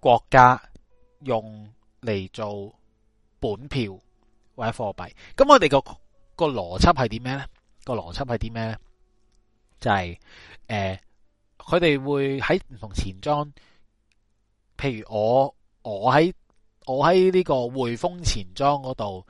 國家用。嚟做本票或者貨幣，咁我哋個、個邏輯係點咩咧？個邏輯係點咩咧？就係、是、誒，佢、呃、哋會喺唔同錢莊，譬如我我喺我喺呢個匯豐錢莊嗰度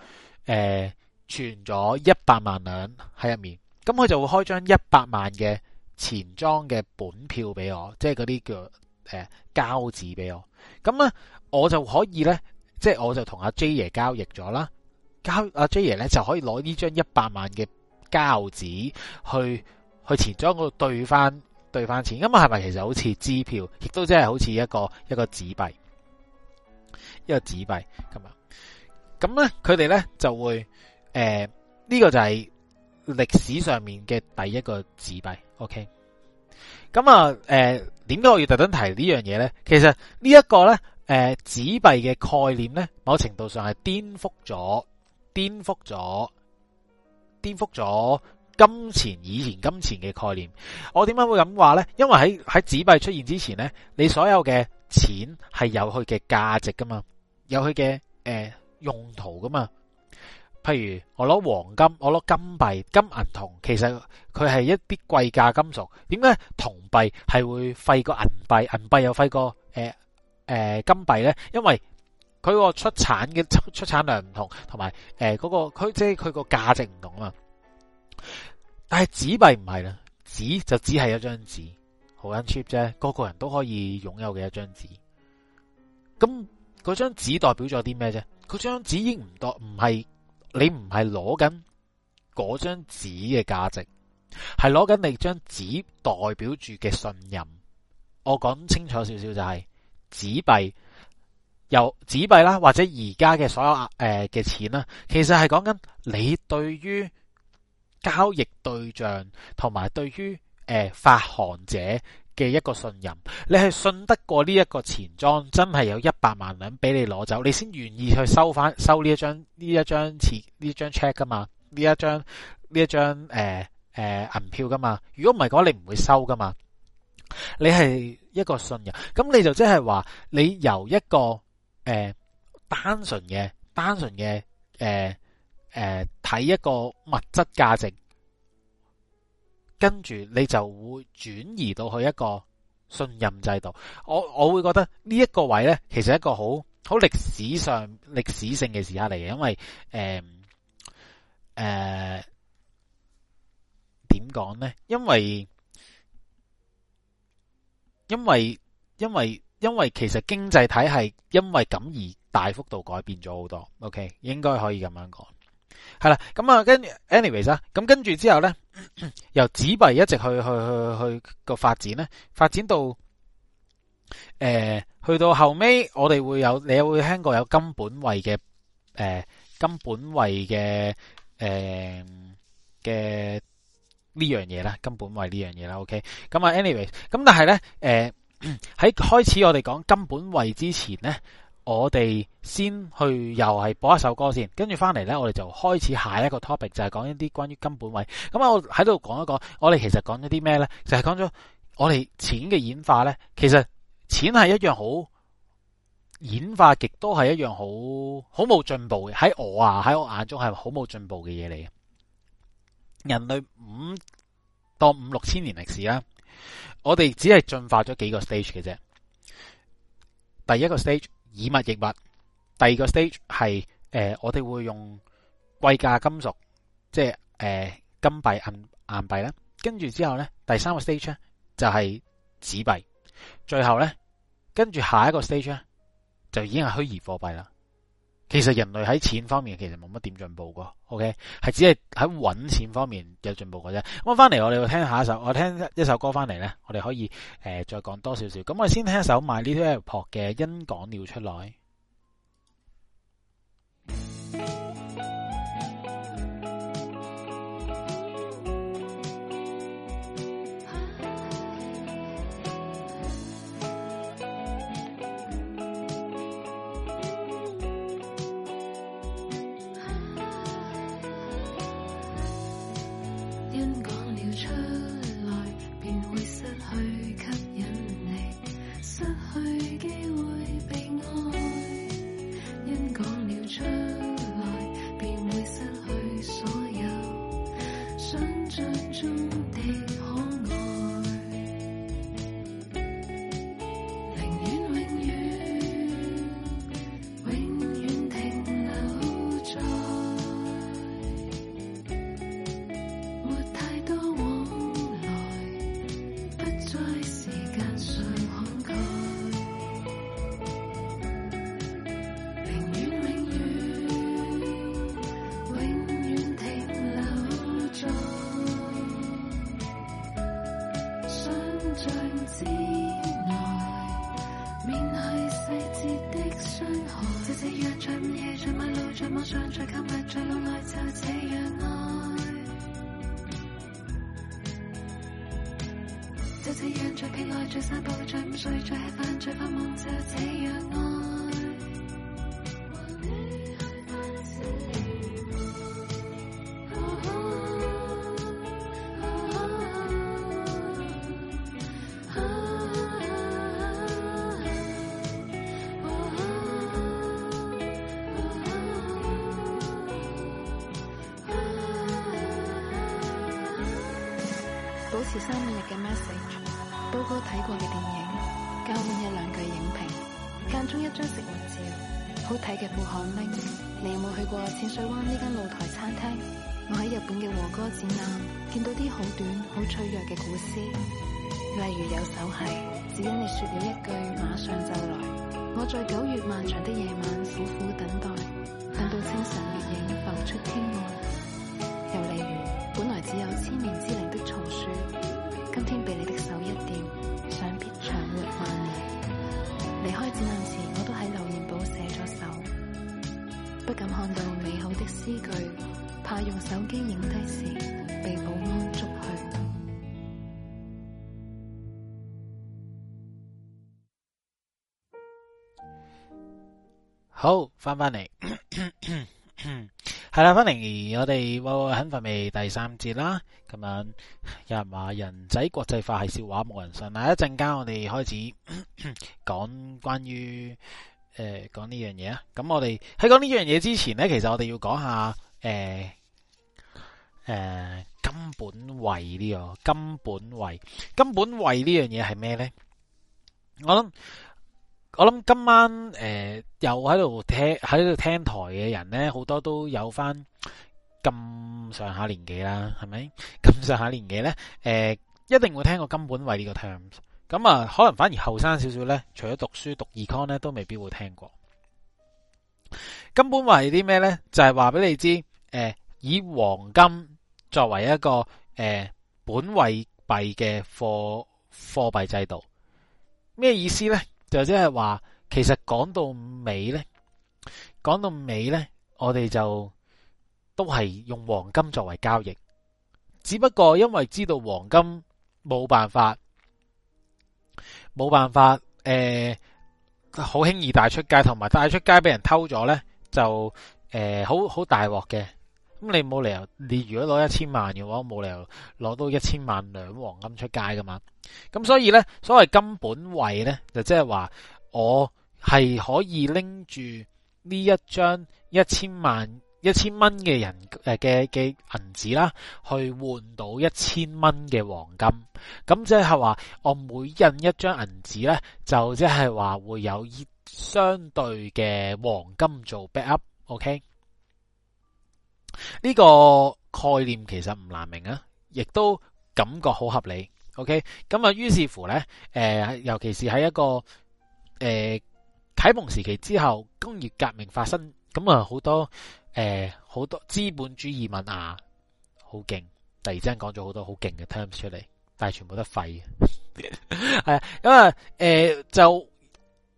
誒存咗一百萬兩喺入面，咁佢就會開張一百萬嘅錢莊嘅本票俾我，即係嗰啲叫誒、呃、交紙俾我，咁啊我就可以咧。即係我就同阿 J 爺交易咗啦，交阿、啊、J 爺咧就可以攞呢張一百萬嘅膠紙去去錢莊嗰度兌翻兌翻錢，咁啊係咪其實好似支票，亦都真係好似一個一個紙幣，一個紙幣咁啊。咁咧佢哋咧就會誒呢、呃這個就係歷史上面嘅第一個紙幣。OK，咁啊誒，點、呃、解我要特登提呢樣嘢咧？其實呢一個咧。誒，紙幣嘅概念咧，某程度上係顛覆咗、顛覆咗、顛覆咗金錢以前金錢嘅概念。我點解會咁話咧？因為喺喺紙幣出現之前咧，你所有嘅錢係有佢嘅價值噶嘛，有佢嘅誒用途噶嘛。譬如我攞黃金，我攞金幣、金銀銅，其實佢係一啲貴價金屬。點解銅幣係會廢過銀幣？銀幣又廢過？誒、呃，金幣咧，因為佢個出產嘅出產量唔同，同埋誒嗰個佢即係佢個價值唔同啊嘛，但係紙幣唔係啦，紙就只係一張紙，好撚 cheap 啫。個個人都可以擁有嘅一張紙。咁嗰張紙代表咗啲咩啫？嗰張紙已經唔代唔係你唔係攞緊嗰張紙嘅價值，係攞緊你張紙代表住嘅信任。我講清楚少少就係、是。紙幣，由紙幣啦，或者而家嘅所有額嘅、呃、錢啦，其實係講緊你對於交易對象同埋對於誒、呃、發行者嘅一個信任，你係信得過呢一個錢莊，真係有一百萬兩俾你攞走，你先願意去收翻收呢一張呢一張錢呢張 check 噶嘛？呢一張呢一張誒誒銀票噶嘛？如果唔係講你唔會收噶嘛？你係一個信任，咁你就即係話你由一個誒單純嘅、單純嘅誒誒睇一個物質價值，跟住你就會轉移到去一個信任制度。我我會覺得呢一個位呢，其實是一個好好歷史上歷史性嘅時刻嚟嘅，因為誒誒點講呢，因為。因為因為因為其實經濟體系，因為咁而大幅度改變咗好多，OK，應該可以咁樣講，係啦，咁啊跟住 anyways 啊，咁跟住之後咧，由紙幣一直去去去去個發展咧，發展到誒去到後尾，我哋會有你會聽過有金本位嘅誒金本位嘅誒嘅。呢樣嘢啦，金本位呢樣嘢啦，OK。咁啊，anyway，咁但係呢，誒、呃、喺開始我哋講金本位之前呢，我哋先去又係播一首歌先，跟住翻嚟呢，我哋就開始下一個 topic 就係講一啲關於金本位。咁啊，我喺度講一講，我哋其實講咗啲咩呢？就係講咗我哋錢嘅演化呢。其實錢係一樣好演化，極都係一樣好好冇進步嘅。喺我啊，喺我眼中係好冇進步嘅嘢嚟。人類五到五六千年歷史啦，我哋只係進化咗幾個 stage 嘅啫。第一個 stage 以物易物，第二個 stage 係誒、呃、我哋會用貴價金屬，即係誒、呃、金幣銀銀幣啦。跟住之後咧，第三個 stage 咧就係紙幣，最後咧跟住下一個 stage 咧就已經係虛擬貨幣啦。其實人類喺錢方面其實冇乜點進步噶，OK，係只係喺搵錢方面有進步嘅啫。咁翻嚟我哋要聽下一首，我聽一首歌翻嚟咧，我哋可以誒、呃、再講多少少。咁、嗯、我先聽一首 My Little Airport 嘅《恩廣料出來》。脆弱嘅古詩，例如有首係，只因你說了一句馬上就來。我在九月漫長的夜晚苦苦等待，等到清晨月影浮出天外。又例如，本來只有千年之齡的松樹，今天被你的手一掉，想必長活萬年。離開展覽前，我都喺留言簿寫咗首，不敢看到美好的詩句，怕用手機影低時。好，翻翻嚟，係啦，翻嚟，我哋喎，很快咪第三節啦，咁樣有人話人仔國際化係笑話，冇人信。下一陣間我哋開始講關於誒講呢樣嘢啊。咁我哋喺講呢樣嘢之前呢，其實我哋要講下誒誒根本位呢個根本位，根本位呢樣嘢係咩呢？我諗。我諗今晚誒、呃，又喺度聽喺度聽台嘅人咧，好多都有翻咁上下年紀啦，係咪咁上下年紀咧？誒、呃，一定會聽過金本位呢個 terms。咁啊，可能反而後生少少咧，除咗讀書讀 econ 咧，都未必會聽過。金本位係啲咩咧？就係話俾你知，誒、呃，以黃金作為一個誒、呃、本位幣嘅貨貨幣制度，咩意思咧？就即係話，其實講到尾咧，講到尾咧，我哋就都係用黃金作為交易，只不過因為知道黃金冇辦法，冇辦法，誒、呃，好輕易帶出街，同埋帶出街俾人偷咗咧，就誒，好好大鑊嘅。咁你冇理由，你如果攞一千萬嘅話，冇理由攞到一千萬兩黃金出街㗎嘛。咁所以呢，所謂金本位呢，就即係話我係可以拎住呢一張一千萬一千蚊嘅人誒嘅嘅銀紙啦，去換到一千蚊嘅黃金。咁即係話我每印一張銀紙呢，就即係話會有相對嘅黃金做 backup。OK，呢個概念其實唔難明啊，亦都感覺好合理。OK，咁啊，於是乎咧，誒、呃，尤其是喺一個誒啟、呃、蒙時期之後，工業革命發生，咁、嗯、啊，好多誒好、呃、多資本主義文啊，好勁，突然之間講咗好多好勁嘅 terms 出嚟，但係全部都廢嘅，啊， 因啊誒、呃、就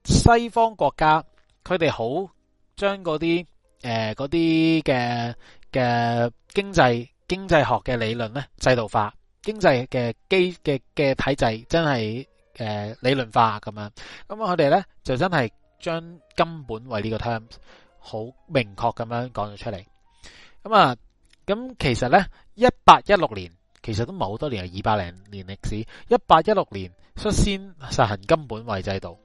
西方國家，佢哋好將嗰啲誒嗰啲嘅嘅經濟經濟學嘅理論咧制度化。經濟嘅基嘅嘅體制真係誒、呃、理論化咁樣，咁啊我哋咧就真係將金本位呢個 terms 好明確咁樣講咗出嚟。咁啊，咁其實咧一八一六年其實都唔係好多年，係二百零年歷史。一八一六年率先實行金本位制度，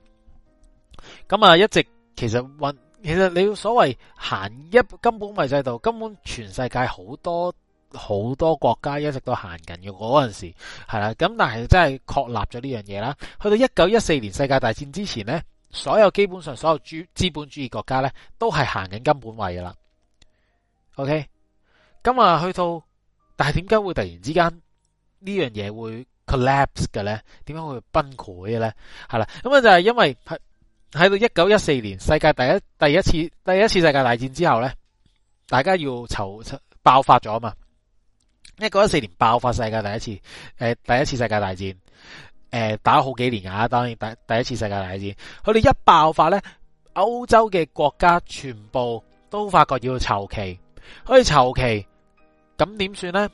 咁啊一直其實運，其實你要所謂行一金本位制度，根本全世界好多。好多國家一直都行緊嘅嗰陣時係啦，咁但係真係確立咗呢樣嘢啦。去到一九一四年世界大戰之前呢，所有基本上所有主資本主義國家呢，都係行緊金本位噶啦。O K. 咁啊，去到但係點解會突然之間呢樣嘢會 collapse 嘅呢？點解會崩潰嘅呢？係啦，咁啊就係因為喺到一九一四年世界第一第一次第一次世界大戰之後呢，大家要籌爆發咗嘛。一九一四年爆發世界第一次，誒、呃，第一次世界大戰，誒、呃，打咗好幾年啊。當然，第第一次世界大戰，佢哋一爆發咧，歐洲嘅國家全部都發覺要籌期，可以籌期，咁點算咧？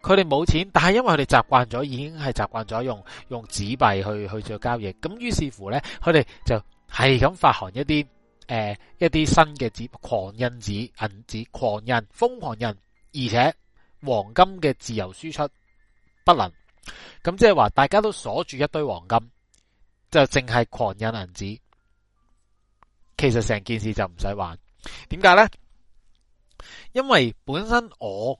佢哋冇錢，但係因為佢哋習慣咗，已經係習慣咗用用紙幣去去做交易，咁於是乎咧，佢哋就係咁發行一啲，誒、呃，一啲新嘅紙狂印紙銀紙狂印瘋狂印，而且。黃金嘅自由輸出不能，咁即係話大家都鎖住一堆黃金，就淨係狂印銀紙，其實成件事就唔使還，點解呢？因為本身我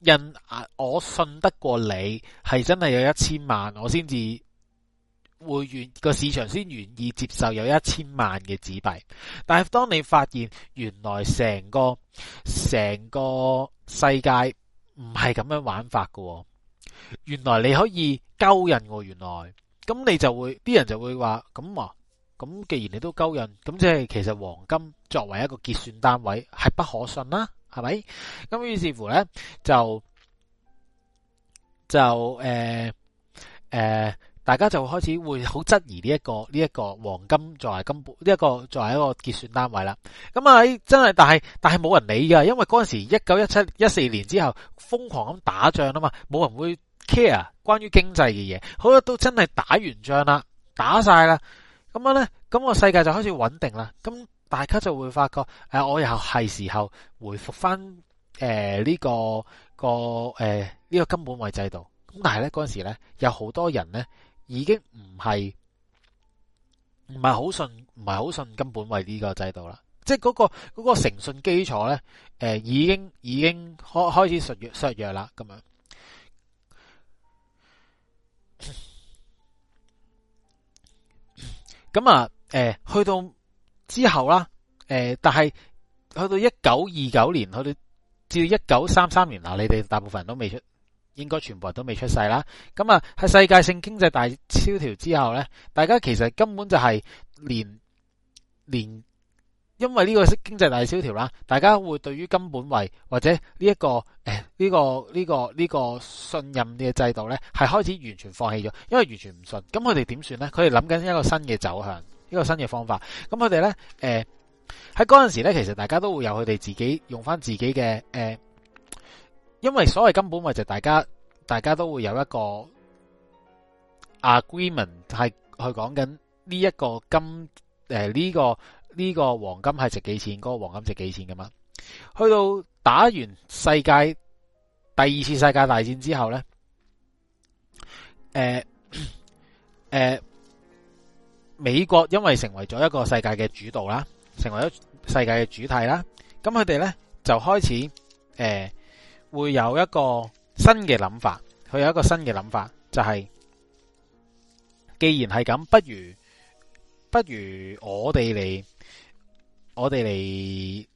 印我信得過你係真係有一千萬，我先至。會願個市場先願意接受有一千萬嘅紙幣，但係當你發現原來成個成個世界唔係咁樣玩法噶原來你可以勾引我，原來咁你就會啲人就會話咁啊，咁既然你都勾引，咁即係其實黃金作為一個結算單位係不可信啦，係咪？咁於是乎呢，就就誒誒。呃呃大家就開始會好質疑呢、這、一個呢一、這個黃金作為金本呢一、這個作為一個結算單位啦。咁、欸、啊真係，但係但係冇人理㗎，因為嗰陣時一九一七一四年之後瘋狂咁打仗啊嘛，冇人會 care 關於經濟嘅嘢。好啦，都真係打完仗啦，打曬啦，咁樣呢，咁、咁個世界就開始穩定啦。咁大家就會發覺，誒、啊、我又係時候回復翻呢、呃這個個誒呢、呃這個金本位制度。咁但係呢，嗰陣時呢，有好多人呢。已經唔係唔係好信，唔係好信根本為呢個制度啦，即係嗰個嗰個誠信基礎咧，誒，已經已經開開始削弱削弱啦，咁樣。咁啊，誒，去到之後啦，誒，但係去到一九二九年，去到至到一九三三年嗱，你哋大部分人都未出。應該全部人都未出世啦，咁啊，喺世界性經濟大蕭條之後呢，大家其實根本就係連連，因為呢個經濟大蕭條啦，大家會對於根本為或者呢一個誒呢個呢個呢個信任嘅制度呢，係開始完全放棄咗，因為完全唔信。咁佢哋點算呢？佢哋諗緊一個新嘅走向，一個新嘅方法。咁佢哋呢，喺嗰陣時呢，其實大家都會有佢哋自己用翻自己嘅誒因為所謂金本位就是大家大家，都會有一個 agreement 係去講緊呢一個金誒呢、呃這個呢、這個黃金係值幾錢，嗰、那個黃金值幾錢㗎嘛？去到打完世界第二次世界大戰之後咧，誒、呃、誒、呃，美國因為成為咗一個世界嘅主導啦，成為咗世界嘅主體啦，咁佢哋咧就開始誒。呃會有一個新嘅諗法，佢有一個新嘅諗法，就係、是、既然係咁，不如不如我哋嚟，我哋嚟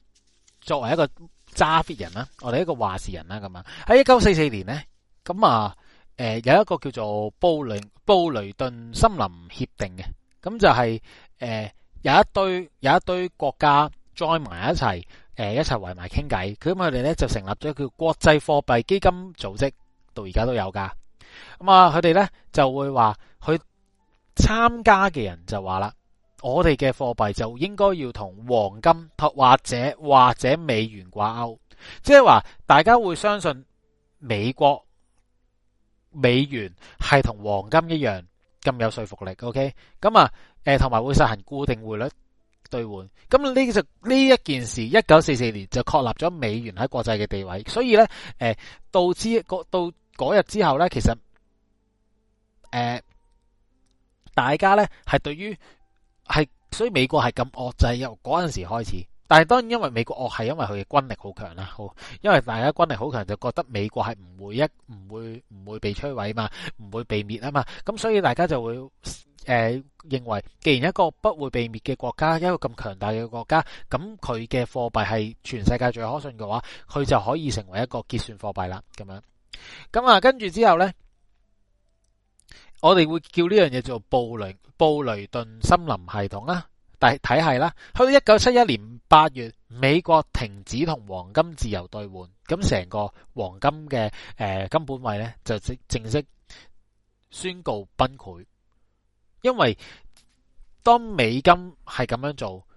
作為一個揸 fit 人啦，我哋一個話事人啦，咁啊喺一九四四年咧，咁啊，誒、呃、有一個叫做布雷布雷頓森林協定嘅，咁就係、是、誒、呃、有一堆有一堆國家 join 埋一齊。誒，一齊圍埋傾偈，佢咁佢哋咧就成立咗叫國際貨幣基金組織，到而家都有噶。咁啊，佢哋咧就會話，佢參加嘅人就話啦，我哋嘅貨幣就應該要同黃金或者或者美元掛鈎，即係話大家會相信美國美元係同黃金一樣咁有說服力。OK，咁啊，誒、呃，同埋會實行固定匯率。兌換咁呢就呢一件事，一九四四年就確立咗美元喺國際嘅地位，所以呢，誒、呃，到之嗰到嗰日之後呢，其實誒、呃，大家呢係對於係，所以美國係咁惡制由嗰陣時開始，但係當然因為美國惡係因為佢嘅軍力好強啦，好，因為大家軍力好強就覺得美國係唔會一唔會唔會被摧毀嘛，唔會被滅啊嘛，咁所以大家就會。誒、呃，認為既然一個不會被滅嘅國家，一個咁強大嘅國家，咁佢嘅貨幣係全世界最可信嘅話，佢就可以成為一個結算貨幣啦。咁樣咁啊，跟住之後呢，我哋會叫呢樣嘢做布雷布雷頓森林系統啦，但係體系啦。去到一九七一年八月，美國停止同黃金自由兌換，咁成個黃金嘅誒、呃、金本位呢，就正正式宣告崩潰。因為當美金係咁樣做，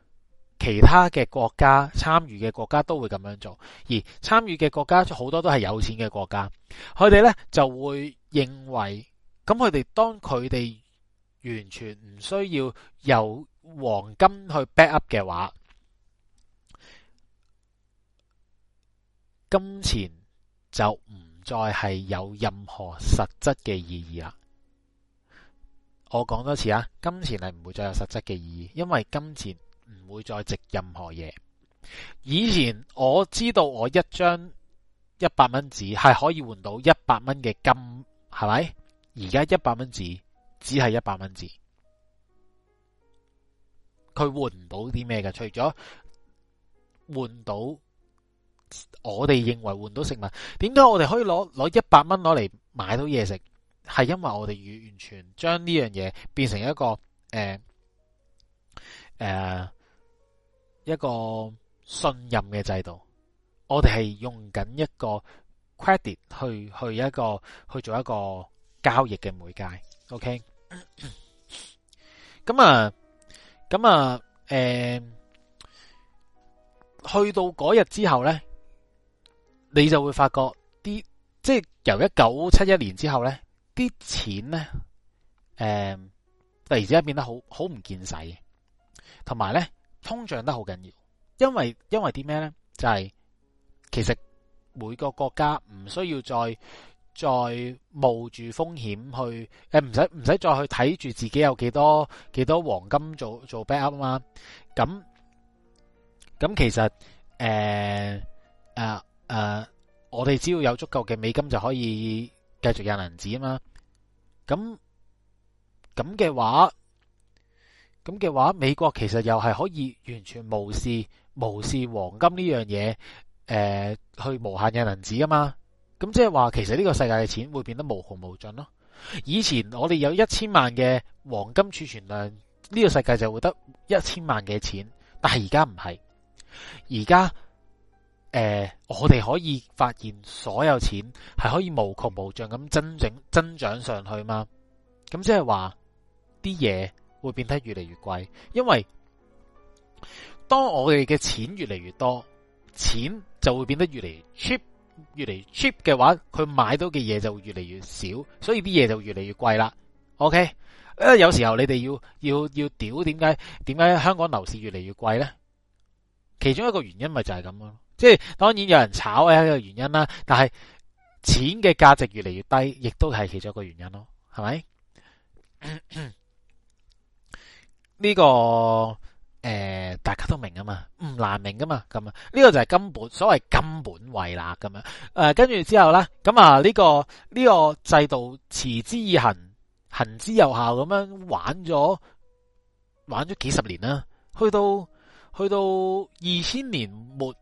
其他嘅國家參與嘅國家都會咁樣做，而參與嘅國家好多都係有錢嘅國家，佢哋呢就會認為，咁佢哋當佢哋完全唔需要由黃金去 back up 嘅話，金錢就唔再係有任何實質嘅意義啦。我講多次啊，金錢係唔會再有實質嘅意義，因為金錢唔會再值任何嘢。以前我知道我一張一百蚊紙係可以換到一百蚊嘅金，係咪？而家一百蚊紙只係一百蚊紙，佢換唔到啲咩嘅？除咗換到我哋認為換到食物，點解我哋可以攞攞一百蚊攞嚟買到嘢食？係因為我哋完全將呢樣嘢變成一個誒誒、呃呃、一個信任嘅制度，我哋係用緊一個 credit 去去一個去做一個交易嘅媒介。OK，咁 啊咁啊誒、呃，去到嗰日之後咧，你就會發覺啲即係由一九七一年之後咧。啲錢咧，誒，突然之間變得好好唔見使，同埋咧通脹得好緊要，因為因為啲咩咧就係，其實每個國家唔需要再再冒住風險去，誒唔使唔使再去睇住自己有幾多幾多黃金做做 backup 啊嘛，咁咁其實誒誒誒，我哋只要有足夠嘅美金就可以。繼續印銀紙啊嘛，咁咁嘅話，咁嘅話，美國其實又係可以完全無視無視黃金呢樣嘢，誒、呃，去無限印銀紙啊嘛，咁即係話，其實呢個世界嘅錢會變得無窮無盡咯。以前我哋有一千萬嘅黃金儲存量，呢個世界就會得一千萬嘅錢，但係而家唔係，而家。誒、呃，我哋可以發現所有錢係可以無窮無盡咁增長增長上去嘛？咁即係話啲嘢會變得越嚟越貴，因為當我哋嘅錢越嚟越多，錢就會變得越嚟越 cheap 越嚟越 cheap 嘅話，佢買到嘅嘢就會越嚟越少，所以啲嘢就越嚟越貴啦。OK，誒、呃，有時候你哋要要要屌，點解點解香港樓市越嚟越貴呢？其中一個原因咪就係咁咯。即係當然有人炒係一個原因啦，但係錢嘅價值越嚟越低，亦都係其中一個原因咯，係咪？呢、這個誒、呃、大家都明啊嘛，唔難明噶嘛，咁啊呢個就係金本，所謂金本位啦，咁啊誒跟住之後咧，咁啊呢個呢、這個制度持之以恆、行之有效咁樣玩咗玩咗幾十年啦，去到去到二千年末。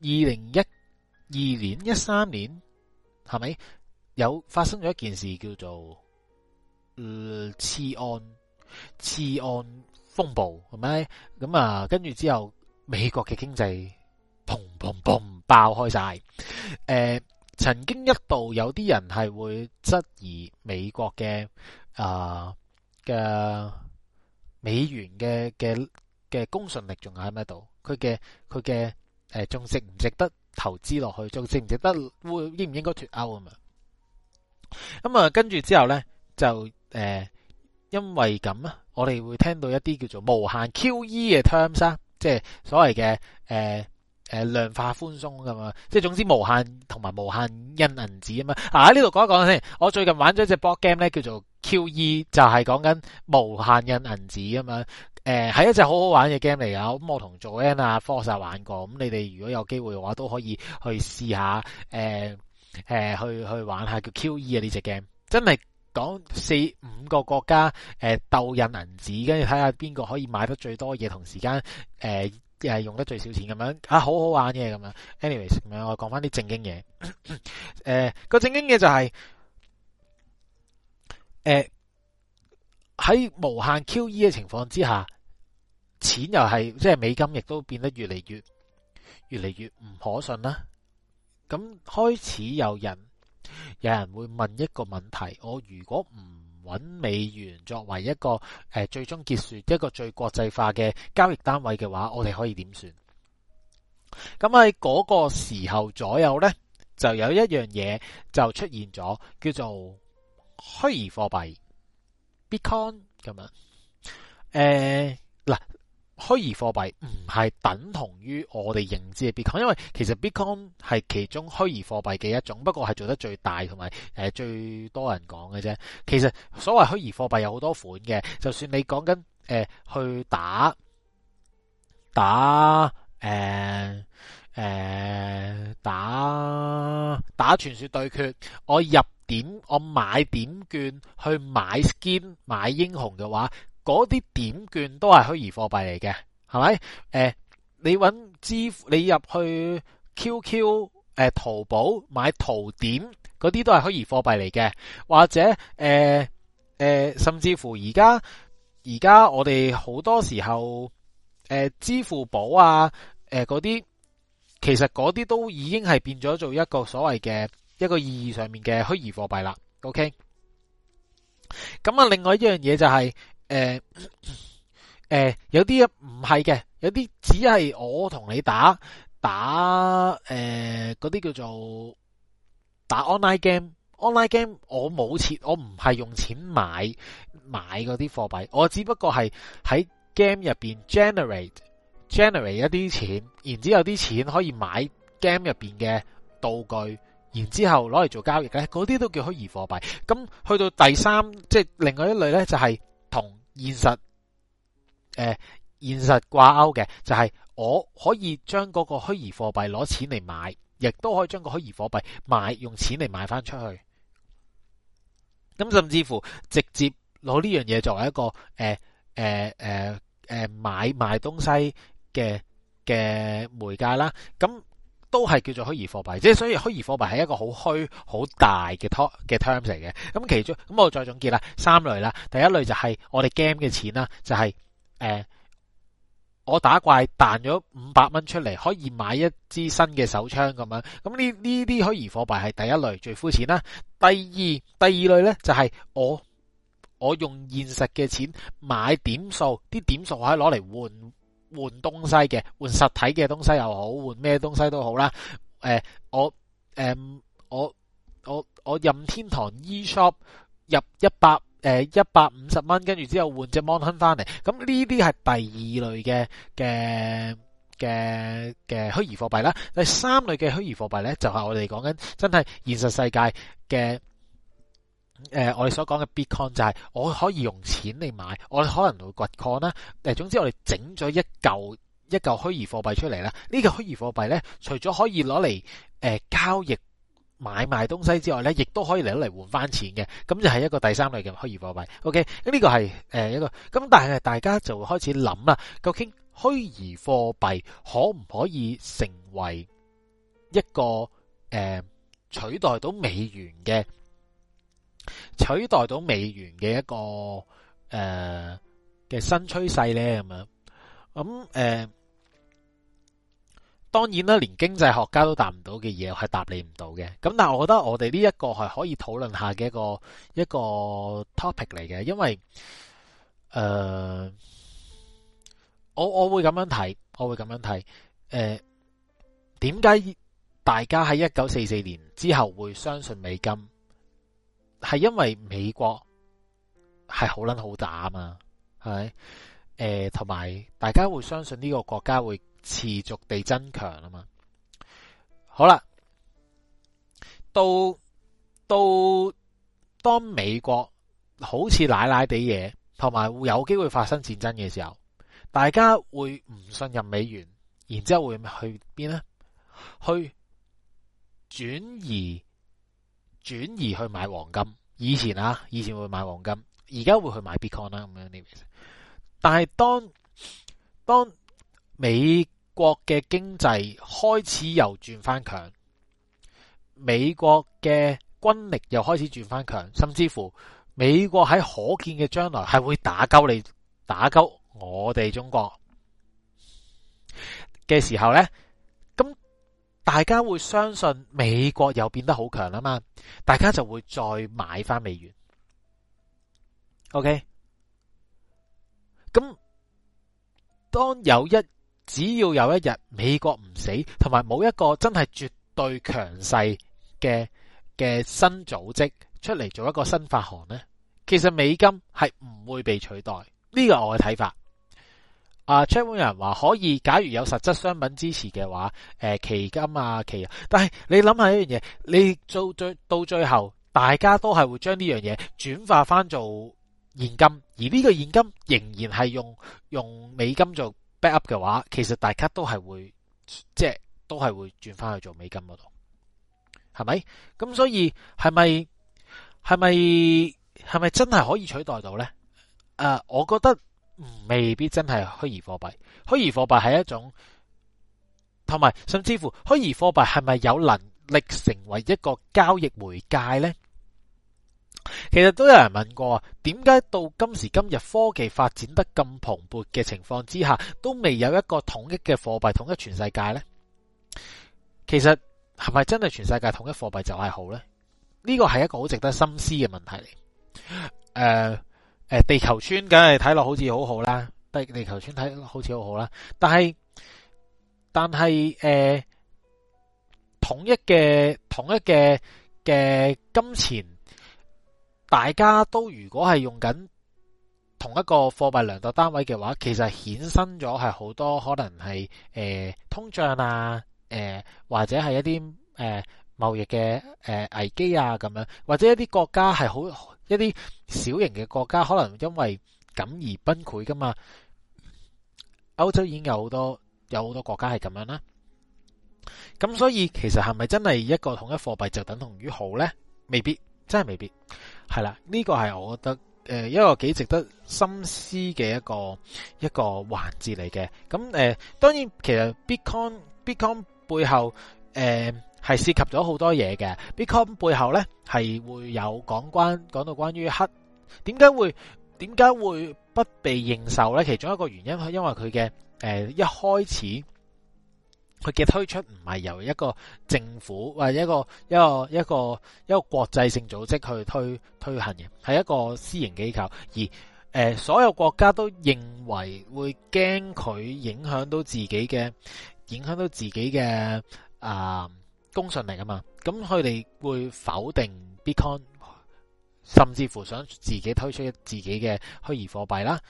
二零一二年、一三年，係咪有發生咗一件事叫做、呃、次按次按風暴，係咪咁啊？跟住之後，美國嘅經濟砰砰砰爆開晒。誒、呃，曾經一度有啲人係會質疑美國嘅啊嘅美元嘅嘅嘅公信力仲喺咩度？佢嘅佢嘅。誒，仲值唔值得投資落去？仲值唔值得會應唔應該脫歐啊嘛？咁啊，跟住之後咧，就誒、呃，因為咁啊，我哋會聽到一啲叫做無限 QE 嘅 terms 啊，即係所謂嘅誒誒量化寬鬆啊嘛，即係總之無限同埋無限印銀紙啊嘛。啊，喺呢度講一講先。我最近玩咗一隻波 game 咧，叫做 QE，就係講緊無限印銀紙啊嘛。誒，係、呃、一隻好好玩嘅 game 嚟噶，咁我同 Joanne 啊 Foster、啊、玩過，咁、嗯、你哋如果有機會嘅話都可以去試下，誒、呃、誒、呃、去去玩一下叫 QE 啊呢隻 game，真係講四五個國家誒鬥印銀子，跟住睇下邊個可以買得最多嘢同時間，誒、呃、誒用得最少錢咁樣，啊好好玩嘅咁樣。anyways，咁我講翻啲正經嘢，誒、 呃那個正經嘢就係、是、誒。呃喺無限 QE 嘅情況之下，錢又係即係美金，亦都變得越嚟越越嚟越唔可信啦。咁開始有人有人會問一個問題：我如果唔搵美元作為一個誒、呃、最終結算一個最國際化嘅交易單位嘅話，我哋可以點算？咁喺嗰個時候左右呢，就有一樣嘢就出現咗，叫做虛擬貨幣。Bitcoin 咁樣，誒、欸、嗱虛擬貨幣唔係等同於我哋認知嘅 Bitcoin，因為其實 Bitcoin 係其中虛擬貨幣嘅一種，不過係做得最大同埋、欸、最多人講嘅啫。其實所謂虛擬貨幣有好多款嘅，就算你講緊、欸、去打打誒、欸欸、打打傳說對決，我入，點我買點券去買 skin 買英雄嘅話，嗰啲點券都係虛擬貨幣嚟嘅，係咪？誒、呃，你搵支付，你入去 QQ 誒、呃，淘寶買淘點嗰啲都係虛擬貨幣嚟嘅，或者誒誒、呃呃，甚至乎而家而家我哋好多時候誒、呃，支付寶啊，誒嗰啲，其實嗰啲都已經係變咗做一個所謂嘅。一個意義上面嘅虛擬貨幣啦，OK。咁啊，另外一樣嘢就係、是，誒、呃、誒、呃，有啲啊唔係嘅，有啲只係我同你打打誒嗰啲叫做打 online game，online game 我冇錢，我唔係用錢買買嗰啲貨幣，我只不過係喺 game 入邊 generate generate 一啲錢，然之後啲錢可以買 game 入邊嘅道具。然之後攞嚟做交易嘅嗰啲都叫虛擬貨幣。咁去到第三，即係另外一類咧，就係、是、同現實誒、呃、現實掛鈎嘅，就係、是、我可以將嗰個虛擬貨幣攞錢嚟買，亦都可以將嗰個虛擬貨幣買用錢嚟買翻出去。咁甚至乎直接攞呢樣嘢作為一個誒誒誒誒買賣東西嘅嘅媒介啦。咁都係叫做虛擬貨幣，即係所以虛擬貨幣係一個好虛、好大嘅拖嘅 terms 嚟嘅。咁其中，咁我再總結啦，三類啦。第一類就係我哋 game 嘅錢啦、就是，就係誒我打怪彈咗五百蚊出嚟，可以買一支新嘅手槍咁樣。咁呢呢啲虛擬貨幣係第一類最膚淺啦。第二第二類呢，就係我我用現實嘅錢買點數，啲點數我可以攞嚟換。換東西嘅，換實體嘅東西又好，換咩東西都好啦。誒、呃，我誒、呃，我我我任天堂 eShop 入一百誒一百五十蚊，跟住之後換隻 Mon Hun 翻嚟。咁呢啲係第二類嘅嘅嘅嘅虛擬貨幣啦。第三類嘅虛擬貨幣咧，就係、是、我哋講緊真係現實世界嘅。誒、呃，我哋所講嘅 Bitcoin 就係，我可以用錢嚟買，我可能會掘礦啦。誒、呃，總之我哋整咗一嚿一嚿虛擬貨幣出嚟啦。呢個虛擬貨幣咧，除咗可以攞嚟誒交易買賣東西之外咧，亦都可以攞嚟換翻錢嘅。咁就係一個第三類嘅虛擬貨幣。OK，呢個係誒、呃、一個。咁但係大家就會開始諗啦，究竟虛擬貨幣可唔可以成為一個誒、呃、取代到美元嘅？取代到美元嘅一個誒嘅、呃、新趨勢呢，咁、嗯、樣，咁、呃、誒，當然啦，連經濟學家都答唔到嘅嘢，我係答你唔到嘅。咁但係我覺得我哋呢一個係可以討論一下嘅一個一個 topic 嚟嘅，因為誒、呃，我我會咁樣睇，我會咁樣睇，誒，點、呃、解大家喺一九四四年之後會相信美金？係因為美國係好捻好打啊嘛，係咪？誒、呃，同埋大家會相信呢個國家會持續地增強啊嘛。好啦，到到當美國好似奶奶地嘢，同埋會有機會發生戰爭嘅時候，大家會唔信任美元，然之後會去邊呢？去轉移。轉移去買黃金，以前啊，以前會買黃金，而家會去買 Bitcoin 啦咁樣，但係當，當美國嘅經濟開始又轉翻強，美國嘅軍力又開始轉翻強，甚至乎美國喺可見嘅將來係會打鳩你，打鳩我哋中國嘅時候呢。大家會相信美國又變得好強啊嘛，大家就會再買翻美元。OK，咁當有一，只要有一日美國唔死，同埋冇一個真係絕對強勢嘅嘅新組織出嚟做一個新發行咧，其實美金係唔會被取代。呢個我嘅睇法。啊 c h a c k o 人話可以，假如有實質商品支持嘅話，誒、呃，期金啊，期，但係你諗下一樣嘢，你做最到最後，大家都係會將呢樣嘢轉化翻做現金，而呢個現金仍然係用用美金做 back up 嘅話，其實大家都係會即係都係會轉翻去做美金嗰度，係咪？咁所以係咪係咪係咪真係可以取代到咧？啊、呃，我覺得。未必真係虛擬貨幣，虛擬貨幣係一種，同埋甚至乎虛擬貨幣係咪有能力成為一個交易媒介呢？其實都有人問過，點解到今時今日科技發展得咁蓬勃嘅情況之下，都未有一個統一嘅貨幣統一全世界呢？其實係咪真係全世界統一貨幣就係好呢？呢個係一個好值得深思嘅問題嚟，誒、呃。誒，地球村梗係睇落好似好好啦，地球村睇好似好好啦，但係但係誒、呃、統一嘅統一嘅嘅金錢，大家都如果係用緊同一個貨幣量度單位嘅話，其實衍生咗係好多可能係誒、呃、通脹啊，誒、呃、或者係一啲誒、呃、貿易嘅誒、呃、危機啊咁樣，或者一啲國家係好。一啲小型嘅國家可能因為咁而崩潰㗎嘛，歐洲已經有好多有好多國家係咁樣啦，咁所以其實係咪真係一個統一貨幣就等同於好呢？未必，真係未必。係啦，呢、這個係我覺得誒、呃、一個幾值得深思嘅一個一個環節嚟嘅。咁誒、呃、當然其實 Bitcoin Bitcoin 背後誒。呃係涉及咗好多嘢嘅，because 背後呢係會有講關講到關於黑，點解會點解會不被認受呢？其中一個原因係因為佢嘅誒、一開始佢嘅推出唔係由一個政府或者一個一個一個一個一個國際性組織去推推行嘅，係一個私營機構，而誒、呃、所有國家都認為會驚佢影響到自己嘅影響到自己嘅啊。呃公信力啊嘛，咁佢哋會否定 Bitcoin，甚至乎想自己推出自己嘅虛擬貨幣啦。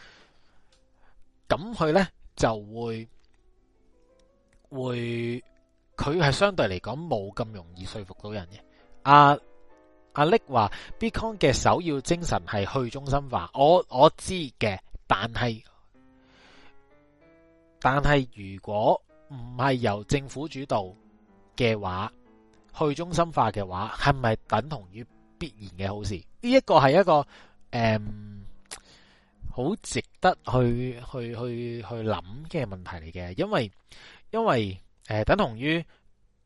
咁佢咧就會會，佢係相對嚟講冇咁容易說服到人嘅。阿阿力話 Bitcoin 嘅首要精神係去中心化，我我知嘅，但係但係如果唔係由政府主導。嘅話去中心化嘅話係咪等同於必然嘅好事？呢、這個、一個係一個誒好值得去去去去諗嘅問題嚟嘅，因為因為誒、呃、等同於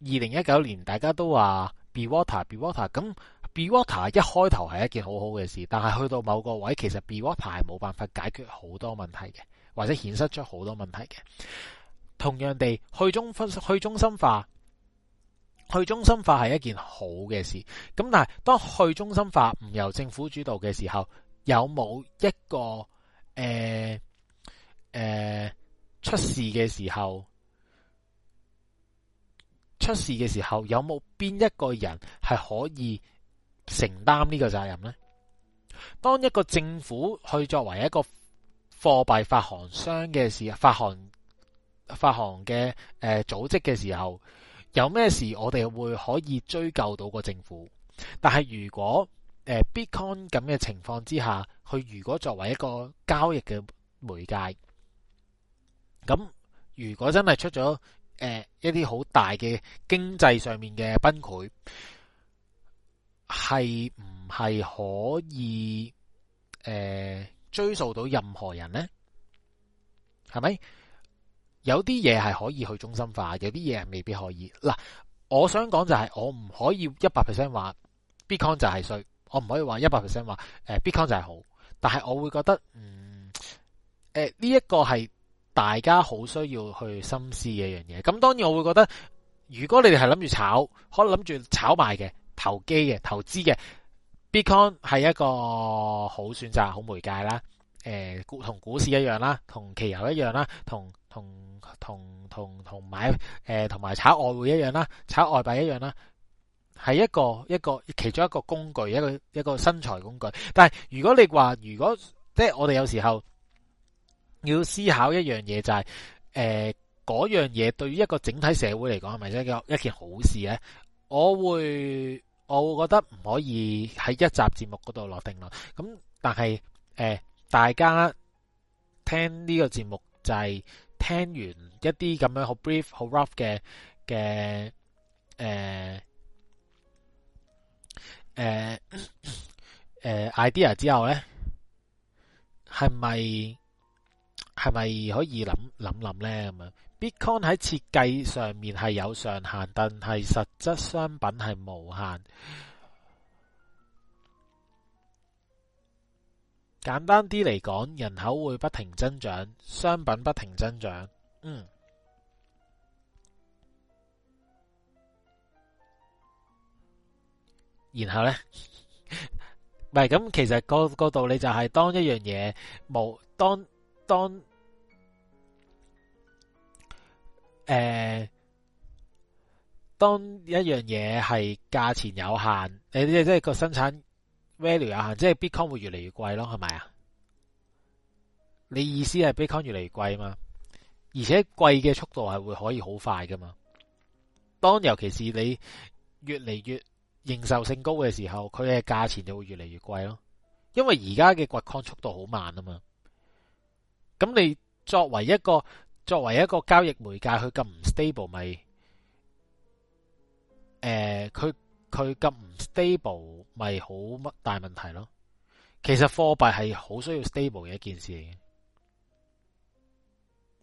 二零一九年大家都話 be water be water 咁 be water 一開頭係一件好好嘅事，但係去到某個位，其實 be water 係冇辦法解決好多問題嘅，或者顯示出好多問題嘅。同樣地，去中分去中心化。去中心化係一件好嘅事，咁但係當去中心化唔由政府主導嘅時候，有冇一個誒誒、呃呃、出事嘅時候，出事嘅時候有冇邊一個人係可以承擔呢個責任呢？當一個政府去作為一個貨幣發行商嘅時候，發行發行嘅誒、呃、組織嘅時候。有咩事我哋會可以追究到個政府，但係如果誒、呃、Bitcoin 咁嘅情況之下，佢如果作為一個交易嘅媒介，咁如果真係出咗誒、呃、一啲好大嘅經濟上面嘅崩潰，係唔係可以誒、呃、追溯到任何人呢？係咪？有啲嘢係可以去中心化，有啲嘢係未必可以嗱。我想講就係我唔可以一百 percent 話 Bitcoin 就係衰，我唔可以話一百 percent 話誒 Bitcoin 就係好。但係我會覺得，嗯誒呢一個係大家好需要去深思嘅一樣嘢。咁當然我會覺得，如果你哋係諗住炒，可能諗住炒賣嘅、投機嘅、投資嘅 Bitcoin 係一個好選擇、好媒介啦。同、呃、股市一樣啦，同期油一樣啦，同。同同同同埋誒，同埋、呃、炒外匯一樣啦，炒外幣一樣啦，係一個一個其中一個工具，一個一個生財工具。但係如果你話，如果即係我哋有時候要思考一、就是呃、樣嘢，就係誒嗰樣嘢對於一個整體社會嚟講係咪真係一件好事咧？我會我會覺得唔可以喺一集節目嗰度落定論。咁但係誒、呃，大家聽呢個節目就係、是。聽完一啲咁樣好 brief、好 rough 嘅嘅誒誒 idea 之後呢，係咪係咪可以諗諗諗呢？咁樣 Bitcoin 喺設計上面係有上限，但係實質商品係無限。簡單啲嚟講，人口會不停增長，商品不停增長，嗯，然後咧，唔係咁，其實個個道理就係當一樣嘢冇，當當，誒、呃，當一樣嘢係價錢有限，你即係即係個生產。value 啊，即係 Bitcoin 會越嚟越貴咯，係咪啊？你意思係 Bitcoin 越嚟越貴嘛？而且貴嘅速度係會可以好快噶嘛？當尤其是你越嚟越認受性高嘅時候，佢嘅價錢就會越嚟越貴咯。因為而家嘅掘礦速度好慢啊嘛。咁你作為一個作為一個交易媒介，佢咁唔 stable 咪？誒，佢佢咁唔 stable。咪好乜大問題咯？其實貨幣係好需要 stable 嘅一件事嚟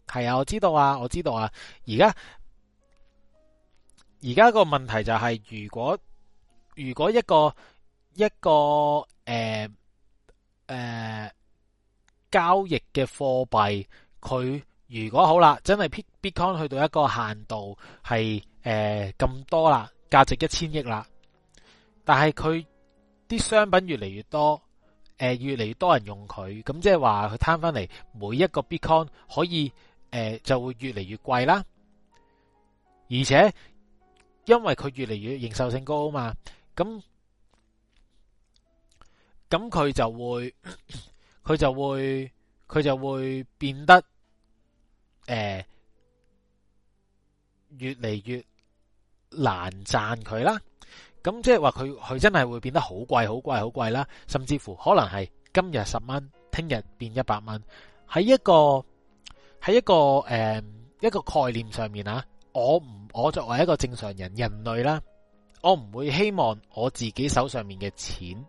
嘅。係啊，我知道啊，我知道啊。而家而家個問題就係、是，如果如果一個一個誒誒、呃呃、交易嘅貨幣，佢如果好啦，真係 Bitcoin 去到一個限度係誒咁多啦，價值一千億啦，但係佢。啲商品越嚟越多，誒，越嚟越多人用佢，咁即係話佢攤翻嚟，每一個 Bitcoin 可以，誒，就會越嚟越貴啦。而且，因為佢越嚟越認受性高啊嘛，咁，咁佢就會，佢就會，佢就會變得，誒，越嚟越難賺佢啦。咁即係話佢佢真係會變得好貴好貴好貴啦，甚至乎可能係今日十蚊，聽日變一百蚊。喺一個喺一個誒、呃、一個概念上面啊，我唔我作為一個正常人人類啦，我唔會希望我自己手上面嘅錢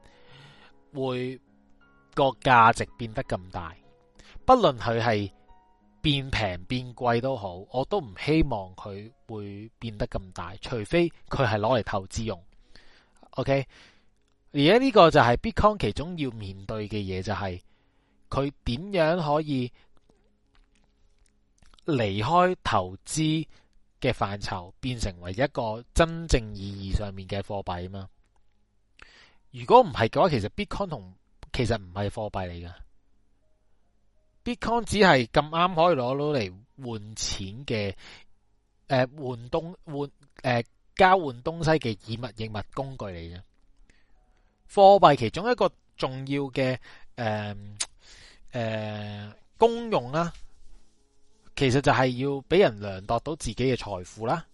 會個價值變得咁大，不論佢係變平變貴都好，我都唔希望佢會變得咁大，除非佢係攞嚟投資用。O.K. 而家呢個就係 Bitcoin 其中要面對嘅嘢，就係佢點樣可以離開投資嘅範疇，變成為一個真正意義上面嘅貨幣啊嘛？如果唔係嘅話，其實 Bitcoin 同其實唔係貨幣嚟㗎，Bitcoin 只係咁啱可以攞到嚟換錢嘅，誒、呃、換動換誒。呃交換東西嘅以物易物工具嚟嘅，貨幣其中一個重要嘅誒誒功用啦，其實就係要俾人量度到自己嘅財富啦，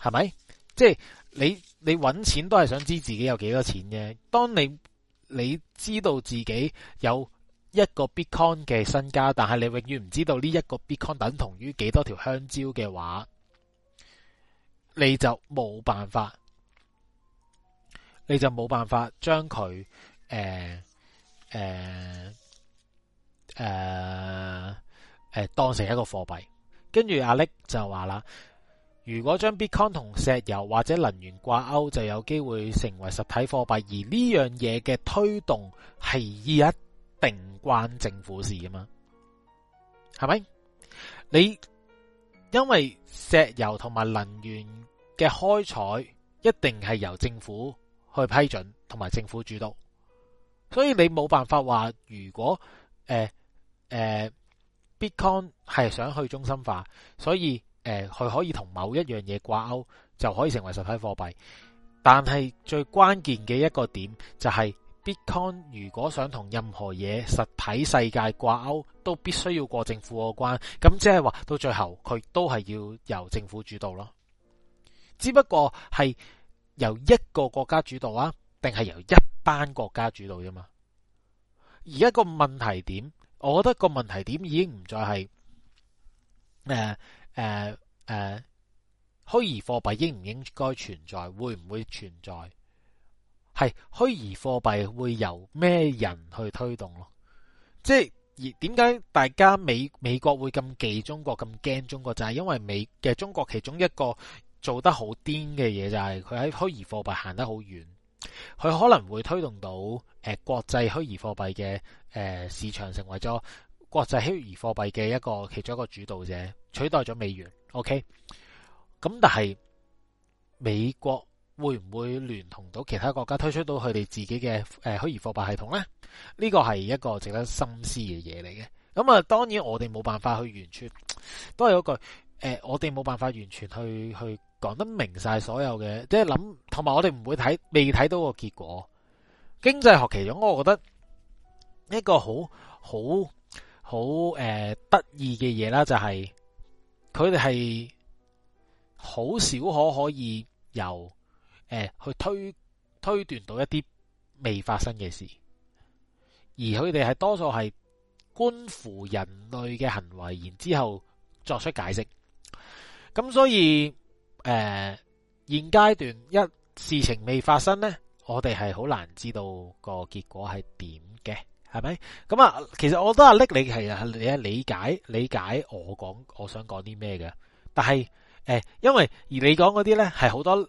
係咪？即係你你搵錢都係想知自己有幾多錢啫，當你你知道自己有一個 Bitcoin 嘅身家，但係你永遠唔知道呢一個 Bitcoin 等同於幾多條香蕉嘅話。你就冇辦法，你就冇辦法將佢誒誒誒誒當成一個貨幣。跟住阿力就話啦，如果將 bitcoin 同石油或者能源掛鈎，就有機會成為實體貨幣。而呢樣嘢嘅推動係一定關政府事噶嘛，係咪？你？因為石油同埋能源嘅開採一定係由政府去批准同埋政府主導，所以你冇辦法話，如果誒誒、呃呃，Bitcoin 係想去中心化，所以誒佢、呃、可以同某一樣嘢掛鈎就可以成為實體貨幣，但係最關鍵嘅一個點就係、是。Bitcoin 如果想同任何嘢實體世界掛鈎，都必須要過政府過關。咁即係話，到最後佢都係要由政府主導咯。只不過係由一個國家主導啊，定係由一班國家主導啫、啊、嘛。而家個問題點，我覺得個問題點已經唔再係誒誒誒，虛擬貨幣應唔應該存在，會唔會存在？係虛擬貨幣會由咩人去推動咯？即係而點解大家美美國會咁忌中國，咁驚中國？就係、是、因為美嘅中國其中一個做得好癲嘅嘢就係佢喺虛擬貨幣行得好遠，佢可能會推動到誒、呃、國際虛擬貨幣嘅誒市場成為咗國際虛擬貨幣嘅一個其中一個主導者，取代咗美元。OK，咁但係美國。會唔會聯同到其他國家推出到佢哋自己嘅誒、呃、虛擬貨幣系統呢？呢、這個係一個值得深思嘅嘢嚟嘅。咁啊，當然我哋冇辦法去完全都係嗰句誒、呃，我哋冇辦法完全去去講得明晒所有嘅，即係諗同埋我哋唔會睇未睇到個結果。經濟學其中，我覺得一個好好好誒得意嘅嘢啦，就係佢哋係好少可可以由。誒、呃，去推推斷到一啲未發生嘅事，而佢哋係多數係關乎人類嘅行為，然之後作出解釋。咁所以誒、呃，現階段一事情未發生咧，我哋係好難知道個結果係點嘅，係咪？咁、嗯、啊，其實我都係叻，你係你啊理解理解我講我想講啲咩嘅？但係誒、呃，因為而你講嗰啲咧，係好多。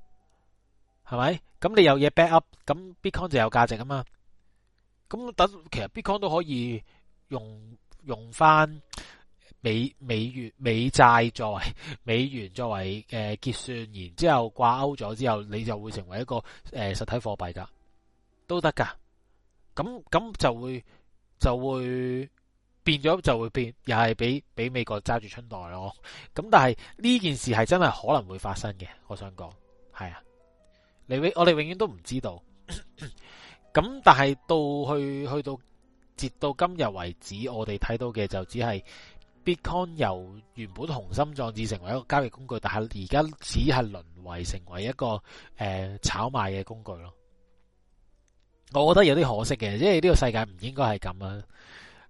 係咪？咁你有嘢 back up，咁 Bitcoin 就有價值啊嘛。咁等，其實 Bitcoin 都可以用用翻美美元美債作為美元作為、呃、結算，然之後掛鈎咗之後，你就會成為一個、呃、實體貨幣噶，都得噶。咁咁就會就會變咗，就會變，又係俾俾美國揸住春袋咯。咁但係呢件事係真係可能會發生嘅，我想講係啊。你我哋永遠都唔知道，咁但係到去去到直到今日為止，我哋睇到嘅就只係 Bitcoin 由原本雄心壯志成為一個交易工具，但係而家只係淪為成為一個、呃、炒賣嘅工具咯。我覺得有啲可惜嘅，因為呢個世界唔應該係咁啊！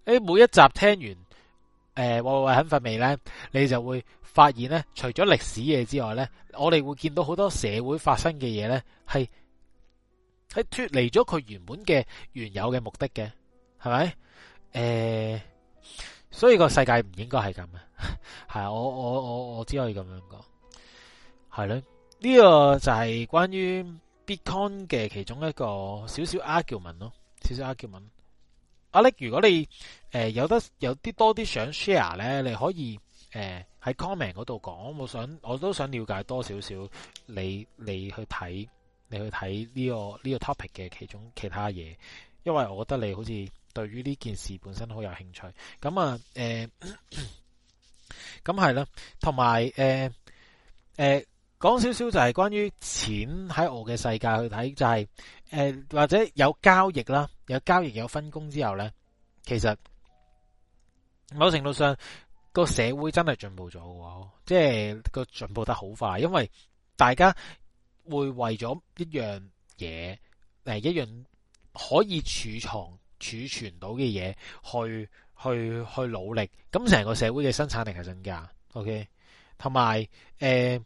每一集聽完，誒喂喂，肯瞓未呢？你就會。發現咧，除咗歷史嘢之外咧，我哋會見到好多社會發生嘅嘢咧，係係脫離咗佢原本嘅原有嘅目的嘅，係咪？誒、呃，所以個世界唔應該係咁嘅。係啊，我我我我只可以咁樣講，係咧。呢、這個就係關於 Bitcoin 嘅其中一個少少 argument 咯，少少 argument。阿力，如果你誒、呃、有得有啲多啲想 share 咧，你可以。誒，喺、呃、comment 嗰度講，我想我都想了解多少少你你去睇你去睇呢、呢個呢、呢個 topic 嘅其中其他嘢，因為我覺得你好似對於呢件事本身好有興趣。咁啊，誒、呃，咁係啦，同埋誒誒講少少就係關於錢喺我嘅世界去睇，就係、係、誒、呃、或者有交易啦，有交易有分工之後呢，其實某程度上。個社會真係進步咗喎，即係個進步得好快，因為大家會為咗一樣嘢，誒，一樣可以儲藏、儲存到嘅嘢去去去努力，咁成個社會嘅生產力係增加。OK，同埋誒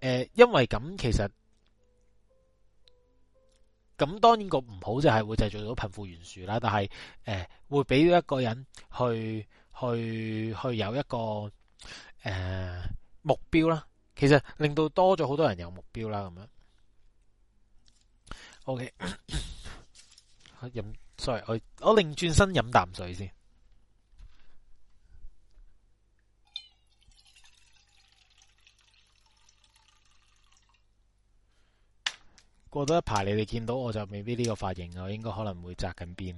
誒，因為咁其實咁當然個唔好就係會製造到貧富懸殊啦，但係誒、呃、會俾一個人去。去去有一個誒、呃、目標啦，其實令到多咗好多人有目標啦，咁樣。OK，飲，Sorry，我我擰轉身飲啖水先。過咗一排，你哋見到我就未必呢個髮型，我應該可能會紮緊邊。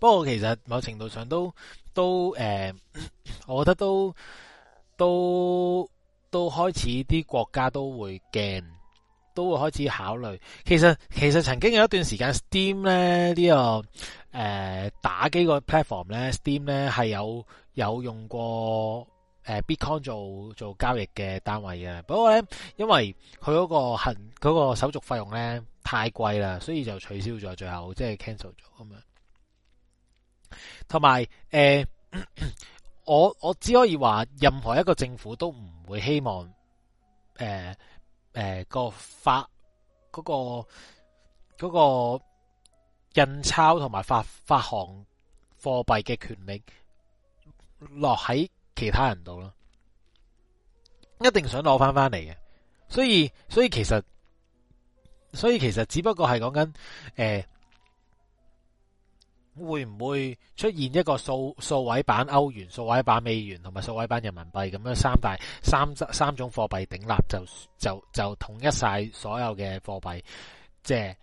不過，其實某程度上都都誒、呃，我覺得都都都開始啲國家都會驚，都會開始考慮。其實其實曾經有一段時間 Steam、這個呃、Steam 咧呢個誒打機個 platform 咧，Steam 咧係有有用過、呃、Bitcoin 做做交易嘅單位嘅。不過咧，因為佢嗰、嗰個行嗰個手續費用咧太貴啦，所以就取消咗，最後即係 cancel 咗咁樣。同埋誒，我我只可以話，任何一個政府都唔會希望誒誒、呃呃、個發嗰、嗰個嗰、嗰個印鈔同埋發發行貨幣嘅權力落喺其他人度咯，一定想攞翻翻嚟嘅。所以所以其實所以其實只不過係講緊誒。呃會唔會出現一個數數位版歐元、數位版美元同埋數位版人民幣咁樣，三大三三三種貨幣鼎立就就就統一晒所有嘅貨幣，即係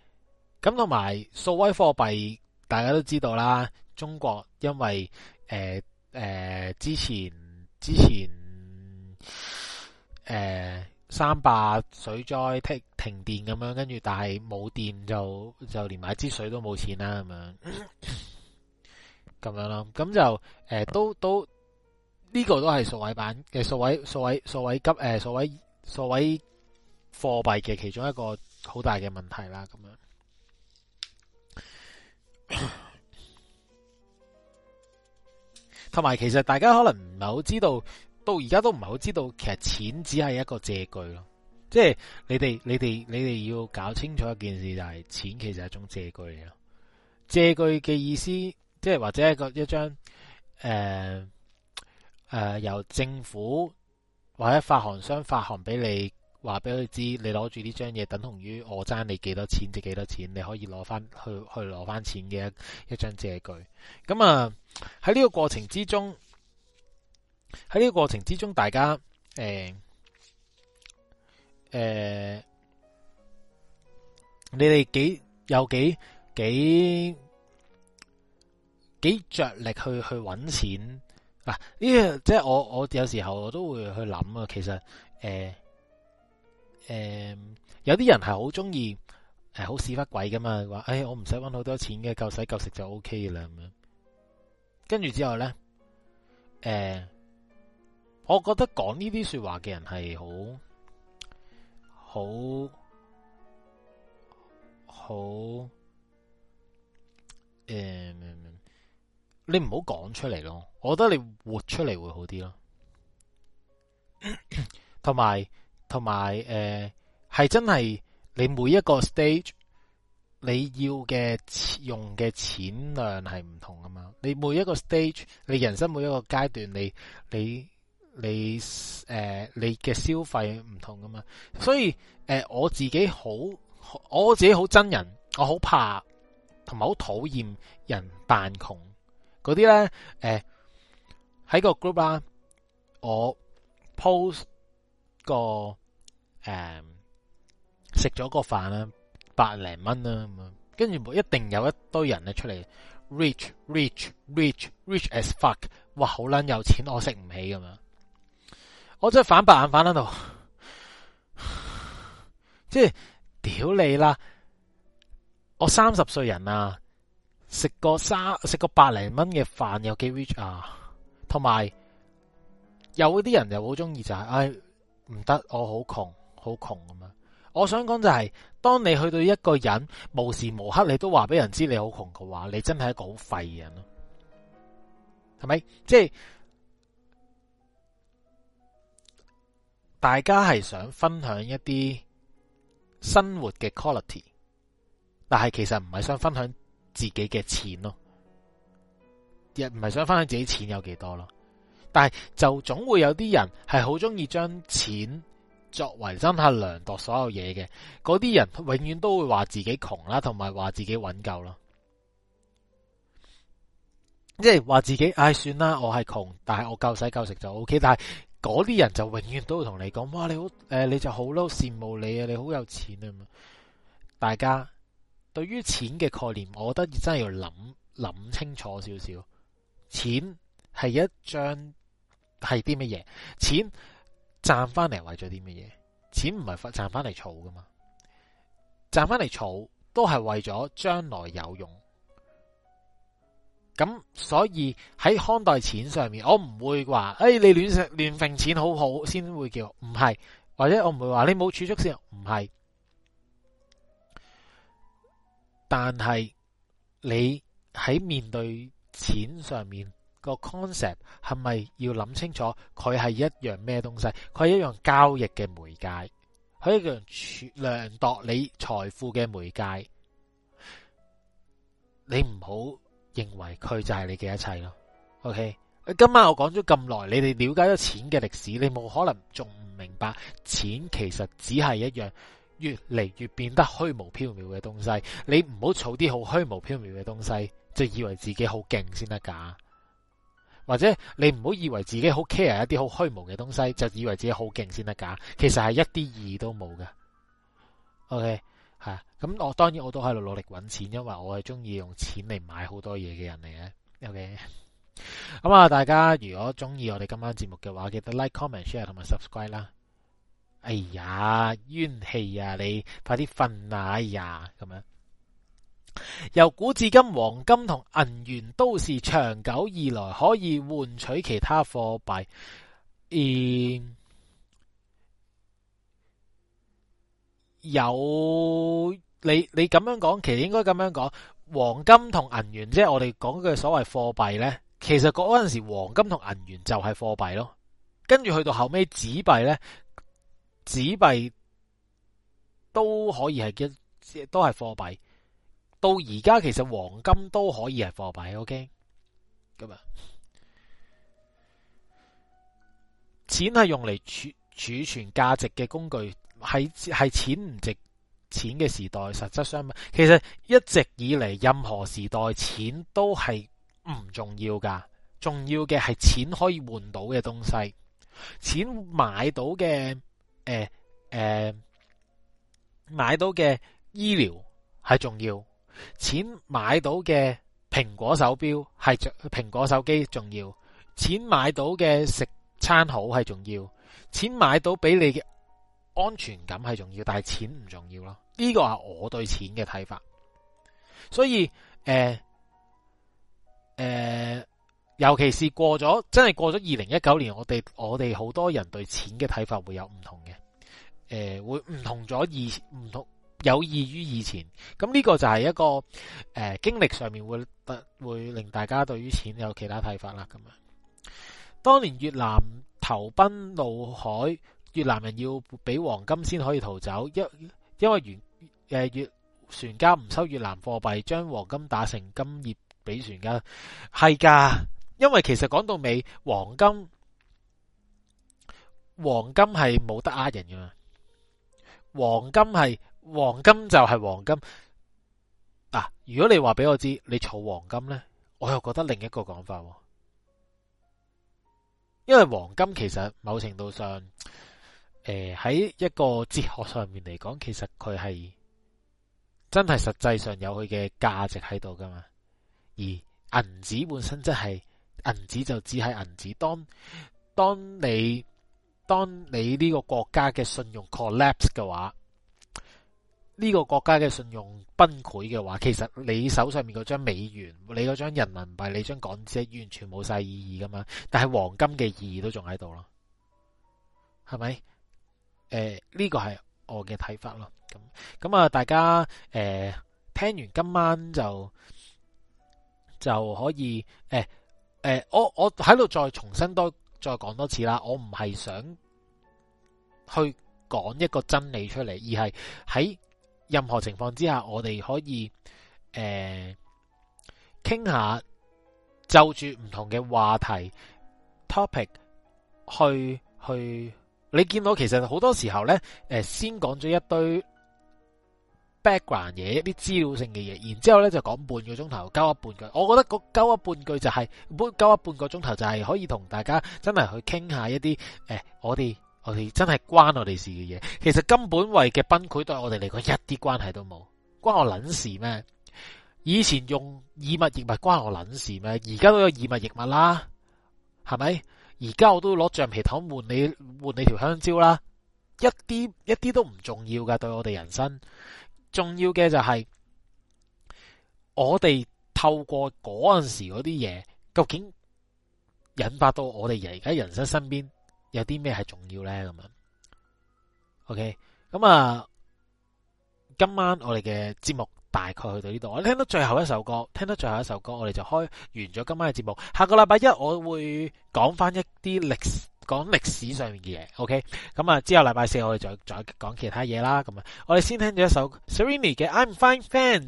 咁，同埋數位貨幣，大家都知道啦。中國因為誒誒、呃呃、之前之前誒。呃三罷、水災、停停電咁樣，跟住但係冇電就就連買支水都冇錢啦咁樣，咁樣啦，咁就誒都都呢、這個都係數位版嘅數位數位數位急誒數、呃、位數位貨幣嘅其中一個好大嘅問題啦，咁樣。同埋其實大家可能唔係好知道。到而家都唔係好知道，其實錢只係一個借據咯。即係你哋、你哋、你哋要搞清楚一件事、就係，就係錢其實係一種借據嚟咯。借據嘅意思，即係或者一個一張誒誒由政府或者發行商發行俾你，話俾佢知，你攞住呢張嘢等同於我爭你幾多錢，即幾多錢，你可以攞翻去去攞翻錢嘅一張借據。咁啊喺呢個過程之中。喺呢個過程之中，大家誒誒、呃呃，你哋幾有幾幾幾着力去去揾錢嗱？呢、啊、即係我我有時候我都會去諗啊。其實誒誒、呃呃，有啲人係好中意誒，好、呃、屎忽鬼噶嘛？話誒、哎，我唔使揾好多錢嘅，夠使夠食就 OK 啦咁樣。跟住之後咧，誒、呃。我覺得講呢啲說話嘅人係好好好誒，你唔好講出嚟咯。我覺得你活出嚟會好啲咯。同埋同埋誒，係、 呃、真係你每一個 stage 你要嘅用嘅錢量係唔同噶嘛？你每一個 stage，你人生每一個階段，你你。你誒、呃，你嘅消費唔同噶嘛？所以誒、呃，我自己好，我自己好憎人，我好怕同埋好討厭人扮窮嗰啲咧。誒，喺、呃、個 group 啦，我 post 個誒食咗個飯啦，百零蚊啦咁樣，跟住一定有一堆人咧出嚟，rich，rich，rich，rich as fuck，哇，好撚有錢，我食唔起咁樣。我真係反白眼反喺度，即係屌你啦！我三十歲人啊，食個三食個百零蚊嘅飯有幾 rich 啊？同埋有啲人就好中意就係，唉，唔得，我好窮，好窮咁樣，我想講就係、是，當你去到一個人無時無刻你都話俾人知你好窮嘅話，你真係一個好廢人咯，係咪？即係。大家係想分享一啲生活嘅 quality，但係其實唔係想分享自己嘅錢咯，亦唔係想分享自己錢有幾多咯。但係就總會有啲人係好中意將錢作為針下量度所有嘢嘅，嗰啲人永遠都會話自己窮啦，同埋話自己揾夠咯，即係話自己唉、哎、算啦，我係窮，但係我夠使夠食就 OK，但係。嗰啲人就永遠都會同你講，哇！你好，誒、呃，你就好嬲，羨慕你啊，你好有錢啊。嘛，大家對於錢嘅概念，我覺得真係要諗諗清楚少少。錢係一張係啲乜嘢？錢賺翻嚟為咗啲乜嘢？錢唔係賺翻嚟儲㗎嘛，賺翻嚟儲都係為咗將來有用。咁所以喺看待錢上面，我唔會話誒、哎、你亂食亂錢好好先會叫我，唔係，或者我唔會話你冇儲蓄先唔係。但係你喺面對錢上面個 concept 係咪要諗清楚？佢係一樣咩東西？佢係一樣交易嘅媒介，佢一樣量度你財富嘅媒介。你唔好，認為佢就係你嘅一切咯，OK？今晚我講咗咁耐，你哋了解咗錢嘅歷史，你冇可能仲唔明白，錢其實只係一樣越嚟越變得虛無縹緲嘅東西。你唔好儲啲好虛無縹緲嘅東西，就以為自己好勁先得噶。或者你唔好以為自己好 care 一啲好虛無嘅東西，就以為自己好勁先得噶。其實係一啲意義都冇噶。OK。係咁、啊、我當然我都喺度努力搵錢，因為我係中意用錢嚟買好多嘢嘅人嚟嘅。O K，咁啊，大家如果中意我哋今晚節目嘅話，記得 like、comment、share 同埋 subscribe 啦。哎呀，冤氣啊！你快啲瞓啊！哎呀，咁樣。由古至今，黃金同銀元都是長久以來，可以換取其他貨幣。嗯有你你咁樣講，其實應該咁樣講，黃金同銀元即係我哋講嘅所謂貨幣咧，其實嗰陣時黃金同銀元就係貨幣咯。跟住去到後尾紙幣咧，紙幣都可以係，即係都係貨幣。到而家其實黃金都可以係貨幣，O K。咁、OK? 啊，錢係用嚟儲儲存價值嘅工具。係係錢唔值錢嘅時代，實質上其實一直以嚟，任何時代錢都係唔重要噶，重要嘅係錢可以換到嘅東西，錢買到嘅誒誒買到嘅醫療係重要，錢買到嘅蘋果手表係蘋果手機係重要，錢買到嘅食餐好係重要，錢買到俾你嘅。安全感係重要，但係錢唔重要咯。呢個係我對錢嘅睇法。所以誒誒、呃呃，尤其是過咗真係過咗二零一九年，我哋我哋好多人對錢嘅睇法會有唔同嘅，誒、呃、會唔同咗，以唔同有異於以前。咁呢個就係一個誒、呃、經歷上面會會令大家對於錢有其他睇法啦。咁樣，當年越南投奔怒海。越南人要俾黃金先可以逃走，因為因為原誒越，越船家唔收越南貨幣，將黃金打成金葉俾船家，係噶，因為其實講到尾，黃金黃金係冇得呃人噶，黃金係黃，黃金就係黃金。嗱、啊，如果你話俾我知你儲黃金呢，我又覺得另一個講法，因為黃金其實某程度上。誒，喺、呃、一個哲學上面嚟講，其實佢係真係實際上有佢嘅價值喺度噶嘛？而銀紙本身即、就、係、是、銀紙就只係銀紙，當當你當你呢個國家嘅信用 collapse 嘅話，呢、這個國家嘅信用崩潰嘅話，其實你手上面嗰張美元、你嗰張人民幣、你張港紙完全冇晒意義噶嘛？但係黃金嘅意義都仲喺度咯，係咪？誒，呢個係我嘅睇法咯。咁咁啊，大家誒，聽完今晚就就可以誒誒，我我喺度再重新多再講多次啦。我唔係想去講一個真理出嚟，而係喺任何情況之下，我哋可以誒，傾下就住唔同嘅話題 topic 去去。你見到其實好多時候咧，誒，先講咗一堆 background 嘢，一啲資料性嘅嘢，然之後咧就講半個鐘頭，交一半句。我覺得個交一半句就係、是，唔好交一半個鐘頭就係可以同大家真係去傾下一啲，誒、哎，我哋我哋真係關我哋事嘅嘢。其實根本為嘅崩潰對我哋嚟講一啲關係都冇，關我撚事咩？以前用以物易物關我撚事咩？而家都有以物易物啦，係咪？而家我都攞橡皮糖換你換你條香蕉啦，一啲一啲都唔重要㗎。對我哋人生重要嘅就係我哋透過嗰陣時嗰啲嘢，究竟引發到我哋而家人生身邊有啲咩係重要咧？咁樣，OK，咁啊，今晚我哋嘅節目。大概去到呢度，我哋聽到最後一首歌，聽到最後一首歌，我哋就開完咗今晚嘅節目。下個禮拜一我會講翻一啲歷史，講歷史上面嘅嘢，OK？咁啊，之後禮拜四我哋再再講其他嘢啦。咁啊，我哋先聽咗一首 Serrini 嘅《I'm Fine Fans》。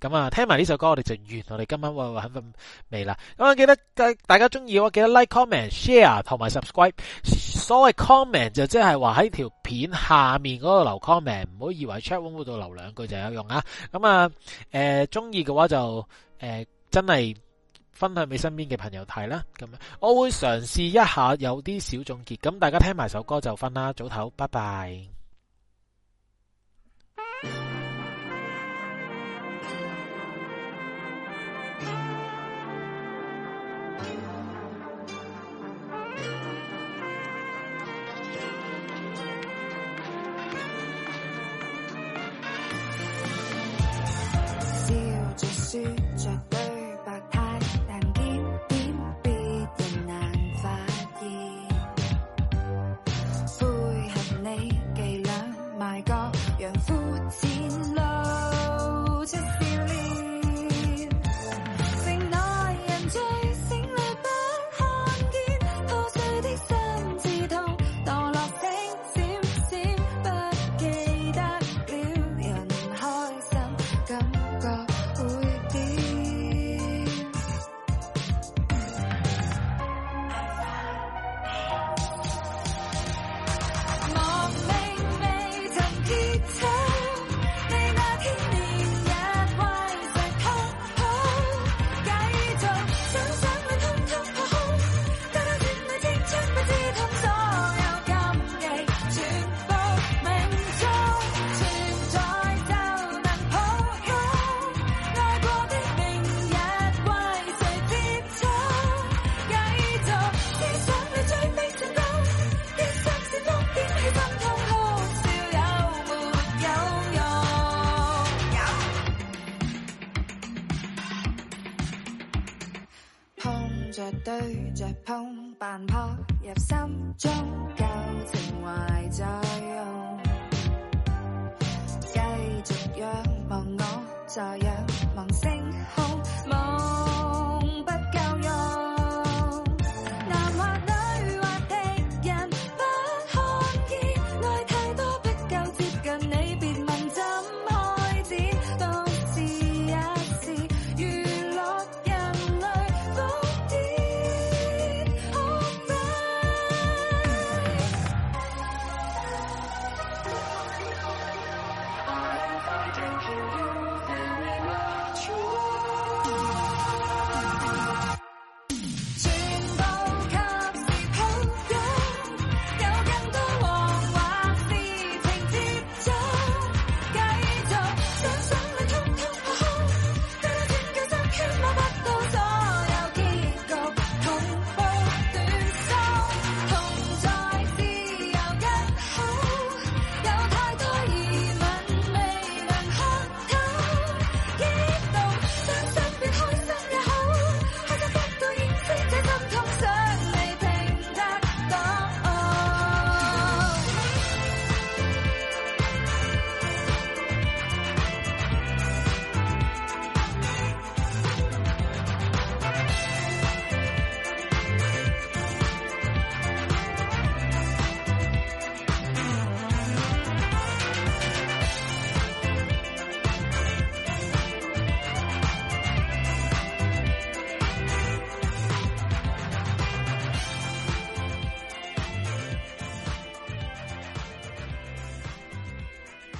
咁啊，聽埋呢首歌我，我哋就完，我哋今晚會很份尾啦。咁啊，記得，大家中意我記得 like、comment、share 同埋 subscribe。所謂 comment 就即係話喺條片下面嗰度留 comment，唔好以為 chatroom 度、嗯嗯、留兩句就有用啊。咁啊，誒，中意嘅話就誒、嗯，真係分享俾身邊嘅朋友睇啦。咁樣，我會嘗試一下有啲小總結。咁大家聽埋首歌就瞓啦，早唞，拜拜。Bye.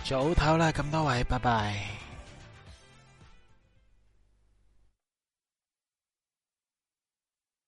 早唞啦，咁多位，拜拜。